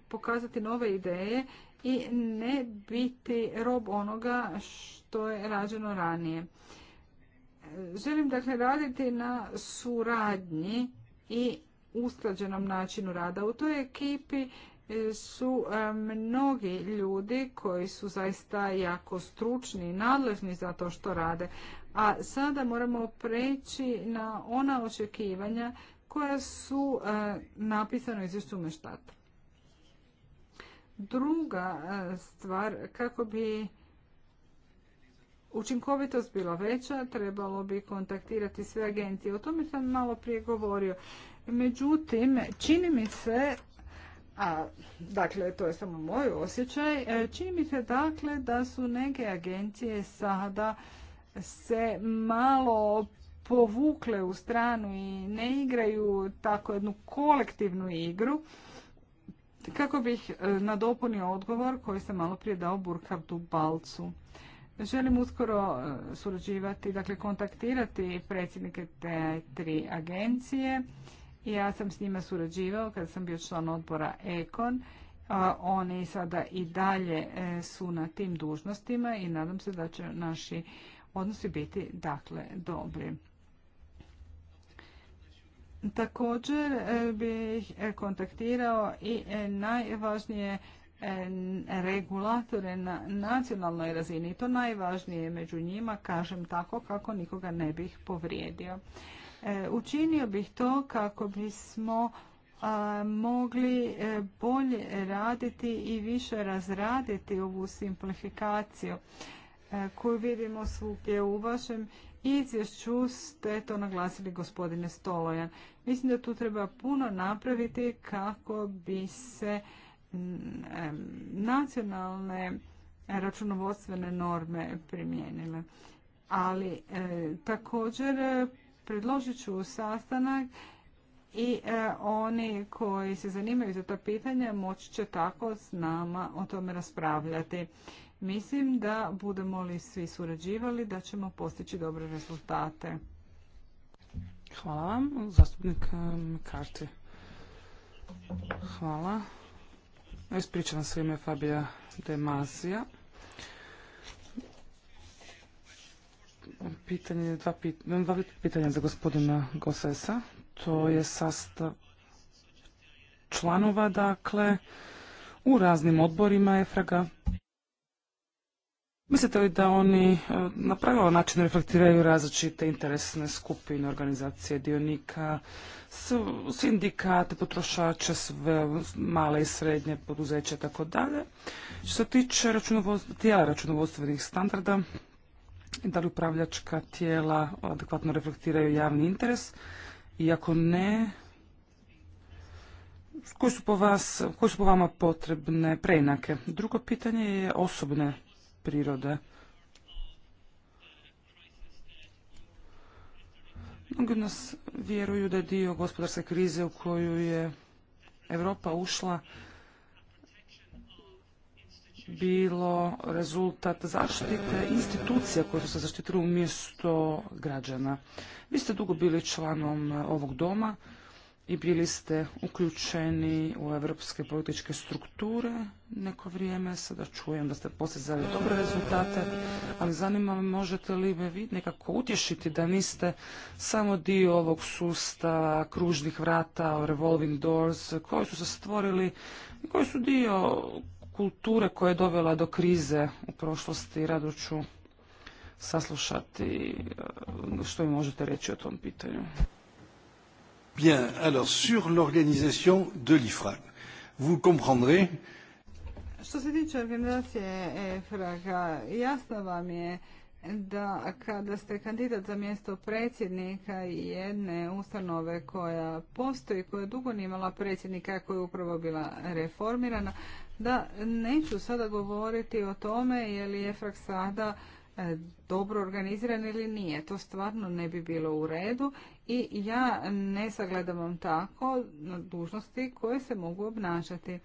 pokazati nove ideje i ne biti rob onoga što je rađeno ranije. Želim dakle raditi na suradnji i usklađenom načinu rada. U toj ekipi e, su e, mnogi ljudi koji su zaista jako stručni i nadležni za to što rade. A sada moramo preći na ona očekivanja koja su e, napisana u izvješću Meštata. Druga e, stvar, kako bi učinkovitost bila veća, trebalo bi kontaktirati sve agencije. O tome sam malo prije govorio. Međutim, čini mi se, a dakle to je samo moj osjećaj, e, čini mi se dakle da su neke agencije sada se malo povukle u stranu i ne igraju tako jednu kolektivnu igru kako bih e, nadopunio odgovor koji sam malo prije dao Burkardu Balcu. Želim uskoro e, surađivati, dakle kontaktirati predsjednike te tri agencije. Ja sam s njima surađivao kada sam bio član odbora Ekon. Oni sada i dalje e, su na tim dužnostima i nadam se da će naši odnosi biti dakle dobri. Također e, bih e, kontaktirao i e, najvažnije regulatore na nacionalnoj razini. To najvažnije među njima, kažem tako, kako nikoga ne bih povrijedio. Učinio bih to kako bismo mogli bolje raditi i više razraditi ovu simplifikaciju koju vidimo svugdje u vašem izvješću ste to naglasili gospodine Stolojan. Mislim da tu treba puno napraviti kako bi se mm, nacionalne računovodstvene norme primijenile. Ali e, također predložit ću sastanak i e, oni koji se zanimaju za ta pitanja moći će tako s nama o tome raspravljati. Mislim da budemo li svi surađivali da ćemo postići dobre rezultate. Hvala vam. Zastupnik Karti. Eh, Hvala. Ispričavam se ime Fabija Demazija. Pitanje, dva, pitanja, za gospodina Gosesa. To je sastav članova, dakle, u raznim odborima EFRAGA. Mislite li da oni e, na pravilan način reflektiraju različite interesne skupine, organizacije, dionika, sindikate, potrošače, sve male i srednje poduzeće tako dalje? Što se tiče tijela računovodstvenih standarda, da li upravljačka tijela adekvatno reflektiraju javni interes i ako ne, po, koji su po vama potrebne preinake? Drugo pitanje je osobne prirode. Mnogi nas vjeruju da je dio gospodarske krize u koju je Europa ušla bilo rezultat zaštite institucija koje su se zaštitile umjesto građana. Vi ste dugo bili članom ovog doma i bili ste uključeni u evropske političke strukture neko vrijeme. Sada čujem da ste postizali dobre rezultate, ali zanima me možete li me vi nekako utješiti da niste samo dio ovog sustava kružnih vrata, revolving doors, koji su se stvorili i koji su dio kulture koja je dovela do krize u prošlosti. Rado ću saslušati e, što mi možete reći o tom pitanju. Bien, alors sur l'organisation de vous comprendrez. Što se tiče organizacije EFRAG-a, jasno vam je da kada ste kandidat za mjesto predsjednika jedne ustanove koja postoji, koja dugo nije imala predsjednika, koja je upravo bila reformirana, da neću sada govoriti o tome je li EFRAG sada E, dobro organiziran ili nije. To stvarno ne bi bilo u redu i ja ne sagledavam tako dužnosti koje se mogu obnašati. E,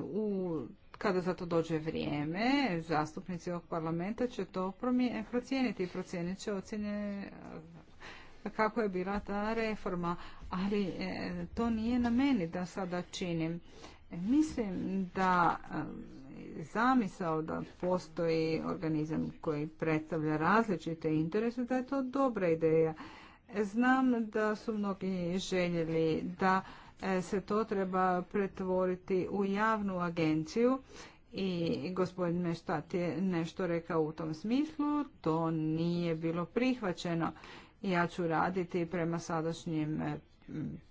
u, kada za to dođe vrijeme, zastupnici ovog parlamenta će to procijeniti i procijenit će ocjene e, kako je bila ta reforma, ali to nije na meni da sada činim. Mislim da zamisao da postoji organizam koji predstavlja različite interese, da je to dobra ideja. Znam da su mnogi željeli da e, se to treba pretvoriti u javnu agenciju i gospodin Meštat je nešto rekao u tom smislu, to nije bilo prihvaćeno. Ja ću raditi prema sadašnjim e,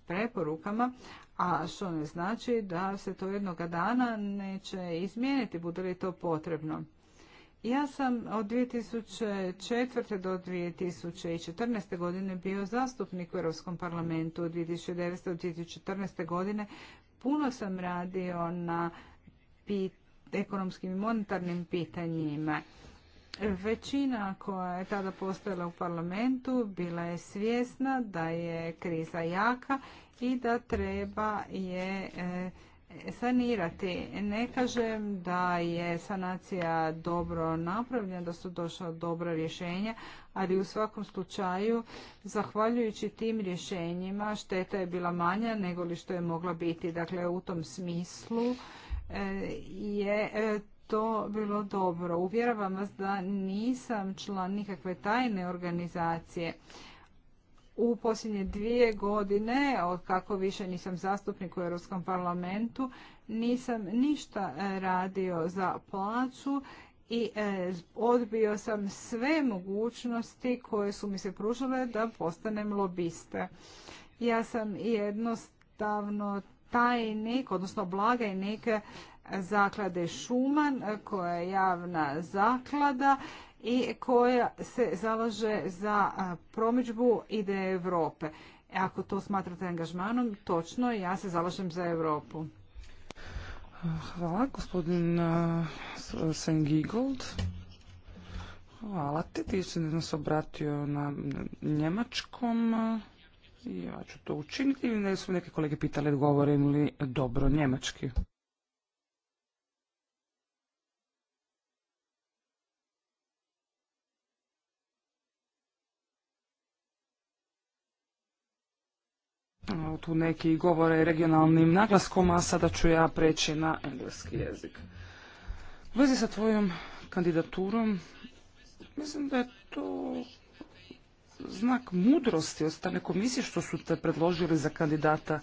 preporukama, a što ne znači da se to jednoga dana neće izmijeniti, bude li to potrebno. Ja sam od 2004. do 2014. godine bio zastupnik u Europskom parlamentu od 2009. do 2014. godine. Puno sam radio na ekonomskim i monetarnim pitanjima. Većina koja je tada postojala u parlamentu bila je svjesna da je kriza jaka i da treba je e, sanirati. Ne kažem da je sanacija dobro napravljena, da su došla dobra rješenja, ali u svakom slučaju, zahvaljujući tim rješenjima, šteta je bila manja nego li što je mogla biti. Dakle, u tom smislu e, je e, to bilo dobro. Uvjeravam vas da nisam član nikakve tajne organizacije u posljednje dvije godine, od kako više nisam zastupnik u Europskom parlamentu, nisam ništa e, radio za plaću i e, odbio sam sve mogućnosti koje su mi se pružile da postanem lobista. Ja sam jednostavno tajnik, odnosno blagajnik zaklade Šuman, e, koja je javna zaklada i koja se zalaže za promičbu ideje Europe. Ako to smatrate angažmanom, točno, ja se zalažem za Europu. Hvala, gospodin Sengigold. Hvala ti, ti si nas obratio na njemačkom. Ja ću to učiniti. Ne su neke kolege pitali govorim li dobro njemački. Tu neki govore regionalnim naglaskom, a sada ću ja preći na engleski jezik. U vezi sa tvojom kandidaturom, mislim da je to znak mudrosti od strane komisije što su te predložili za kandidata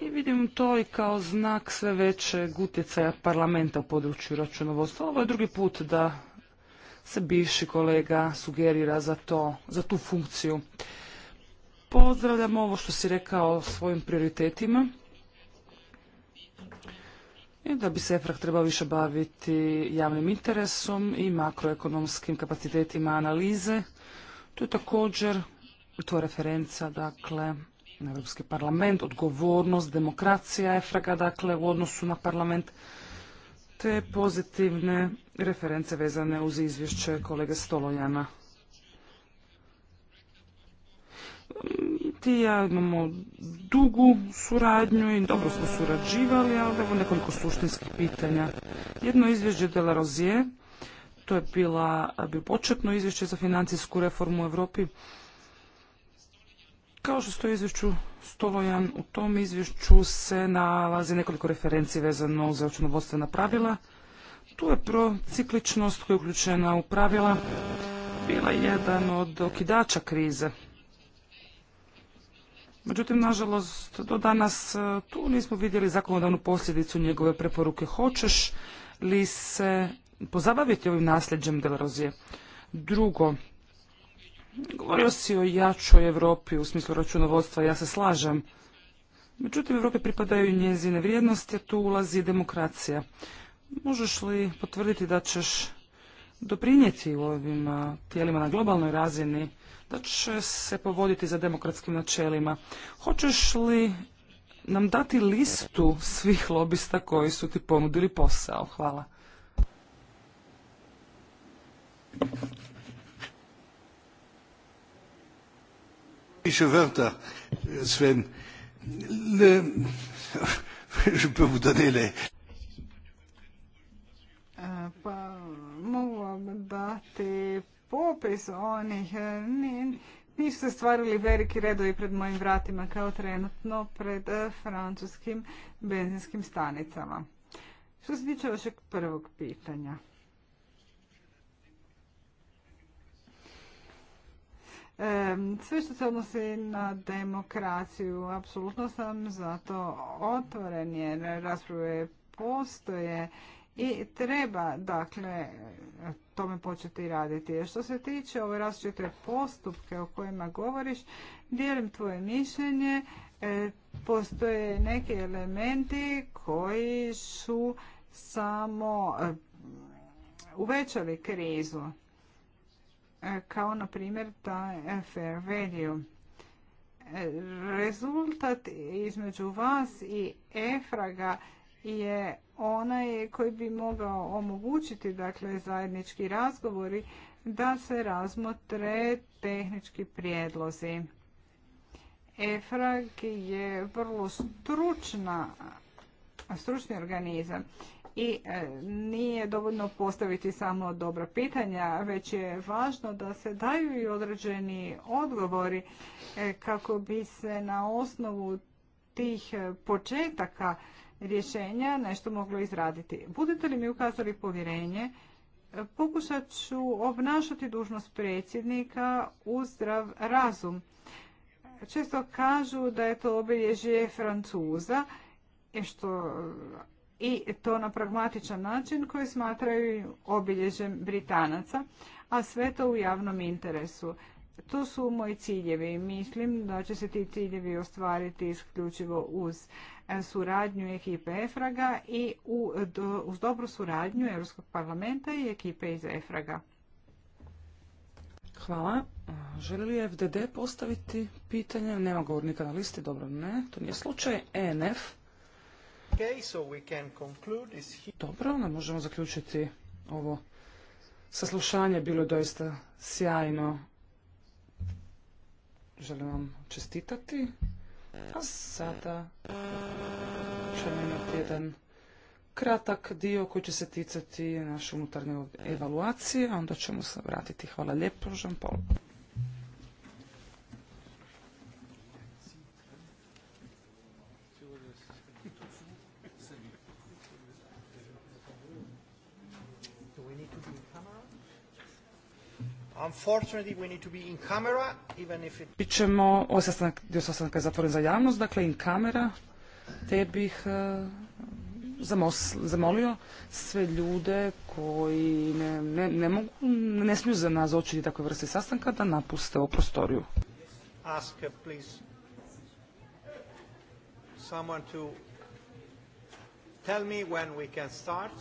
i vidim to i kao znak sve većeg utjecaja parlamenta u području računovodstva. Ovo je drugi put da se bivši kolega sugerira za, to, za tu funkciju. Pozdravljam ovo što si rekao o svojim prioritetima. I da bi se EFRAG trebao više baviti javnim interesom i makroekonomskim kapacitetima analize. Tu je također to referenca, dakle, na Europski parlament, odgovornost, demokracija efrag dakle, u odnosu na parlament, te pozitivne reference vezane uz izvješće kolege Stolojana. ti ja imamo dugu suradnju i dobro smo surađivali, ali evo nekoliko suštinskih pitanja. Jedno izvješće de la to je bila, bio početno izvješće za financijsku reformu u Europi. Kao što stoji izvješću Stolojan, u tom izvješću se nalazi nekoliko referenci vezano za računovodstvena pravila. Tu je procikličnost koja je uključena u pravila bila jedan od okidača krize. Međutim, nažalost, do danas e, tu nismo vidjeli zakonodavnu posljedicu njegove preporuke. Hoćeš li se pozabaviti ovim nasljeđem Delarozije? Drugo, govorio si o jačoj Europi u smislu računovodstva, ja se slažem. Međutim, Europi pripadaju njezine vrijednosti, a tu ulazi i demokracija. Možeš li potvrditi da ćeš doprinijeti u ovim e, tijelima na globalnoj razini da će se povoditi za demokratskim načelima. Hoćeš li nam dati listu svih lobista koji su ti ponudili posao? Hvala. Sven. Pa mogu vam dati popis onih e, nisu se stvarili veliki redovi pred mojim vratima kao trenutno pred e, francuskim benzinskim stanicama. Što se tiče vašeg prvog pitanja. E, sve što se odnosi na demokraciju, apsolutno sam zato otvoren jer rasprave postoje i treba dakle tome početi raditi. Što se tiče ove različite postupke o kojima govoriš, dijelim tvoje mišljenje, e, postoje neki elementi koji su samo e, uvećali krizu, e, kao na primjer taj fair value. Rezultat između vas i Efraga je onaj koji bi mogao omogućiti dakle, zajednički razgovori da se razmotre tehnički prijedlozi. EFRAG je vrlo stručna, stručni organizam i e, nije dovoljno postaviti samo dobra pitanja, već je važno da se daju i određeni odgovori e, kako bi se na osnovu tih e, početaka rješenja nešto moglo izraditi. Budete li mi ukazali povjerenje, e, pokušat ću obnašati dužnost predsjednika uz zdrav razum. Često kažu da je to obilježje Francuza e što, i to na pragmatičan način koji smatraju obilježjem Britanaca, a sve to u javnom interesu. To su moji ciljevi i mislim da će se ti ciljevi ostvariti isključivo uz suradnju ekipe EFRAGA i uz dobru suradnju Europskog parlamenta i ekipe iz EFRAGA. Hvala. Želi li FDD postaviti pitanje? Nema govornika na listi, dobro ne, to nije slučaj. ENF. Dobro, možemo zaključiti ovo saslušanje, bilo je doista sjajno. Želim vam čestitati. A Sada ćemo imati jedan kratak dio koji će se ticati naše unutarnje evaluacije, a onda ćemo se vratiti. Hvala lijepo, Jean Paul. Bit ćemo, ovaj sastanak, dio sastanka je zatvoren za javnost, dakle in kamera, te bih e, zamolio sve ljude koji ne, ne, ne mogu, ne smiju za nas očiti takve vrste sastanka da napuste ovu prostoriju. Ask, uh, please, someone to tell me when we can start.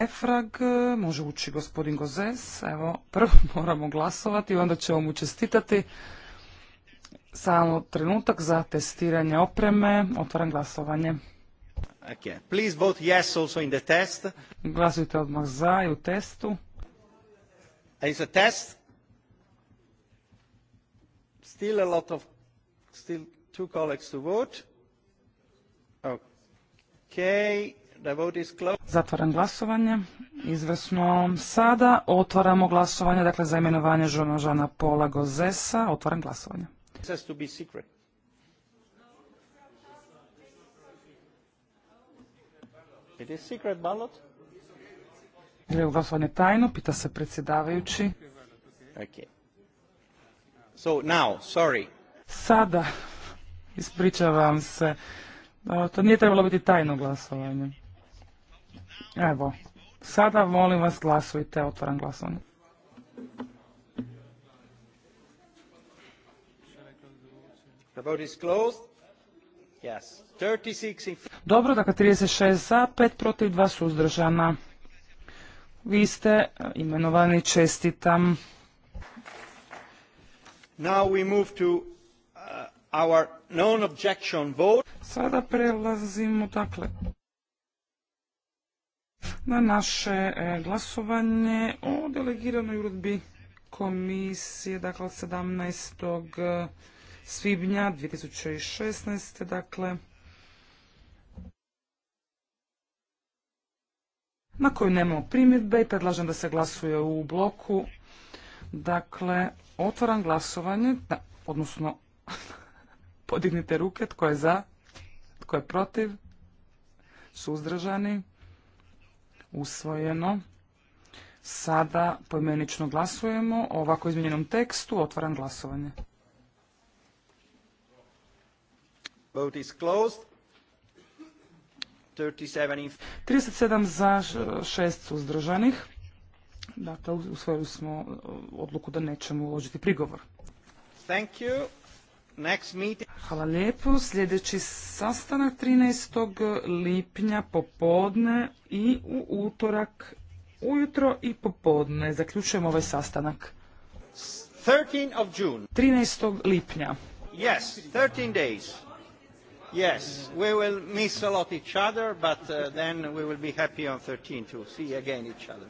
Efrag, e, može ući gospodin Gozes, evo, prvo moramo glasovati, onda ćemo mu čestitati. Samo trenutak za testiranje opreme, otvaram glasovanje. Okay. Please vote yes also in the test. Glasujte odmah za i u testu. It's a test. Still a lot of, still two colleagues to vote. Okay. Zatvaram glasovanje. Izvrsno sada otvaramo glasovanje, dakle za imenovanje žona Žana Pola Gozesa. Otvaram glasovanje. Je li glasovanje tajno? Pita se predsjedavajući. Sada, ispričavam se, to nije trebalo biti tajno glasovanje. Evo, sada molim vas glasujte, otvoram glasovanje. The vote Yes. 36 Dobro, dakle 36 za, 5 protiv, 2 su uzdržana. Vi ste eh, imenovani čestitam. Now we move to eh, our non-objection vote. Sada prelazimo, dakle, na naše e, glasovanje o delegiranoj uredbi komisije, dakle od 17. E, svibnja 2016. dakle na koju nemamo primjedbe i predlažem da se glasuje u bloku. Dakle, otvaram glasovanje, odnosno podignite ruke, tko je za, tko je protiv, suzdržani usvojeno. Sada pojmenično glasujemo o ovako izmijenjenom tekstu. Otvaram glasovanje. Vote is closed. 37 za, 6 suzdržanih. Dakle, usvojili smo uh, odluku da nećemo uložiti prigovor. Thank you. Hvala lijepo. Sljedeći sastanak 13. lipnja popodne i u utorak ujutro i popodne. Zaključujemo ovaj sastanak. 13. lipnja. Yes, 13 days. Yes, we will miss a lot each other, but uh, then we will be happy on 13 to see again each other.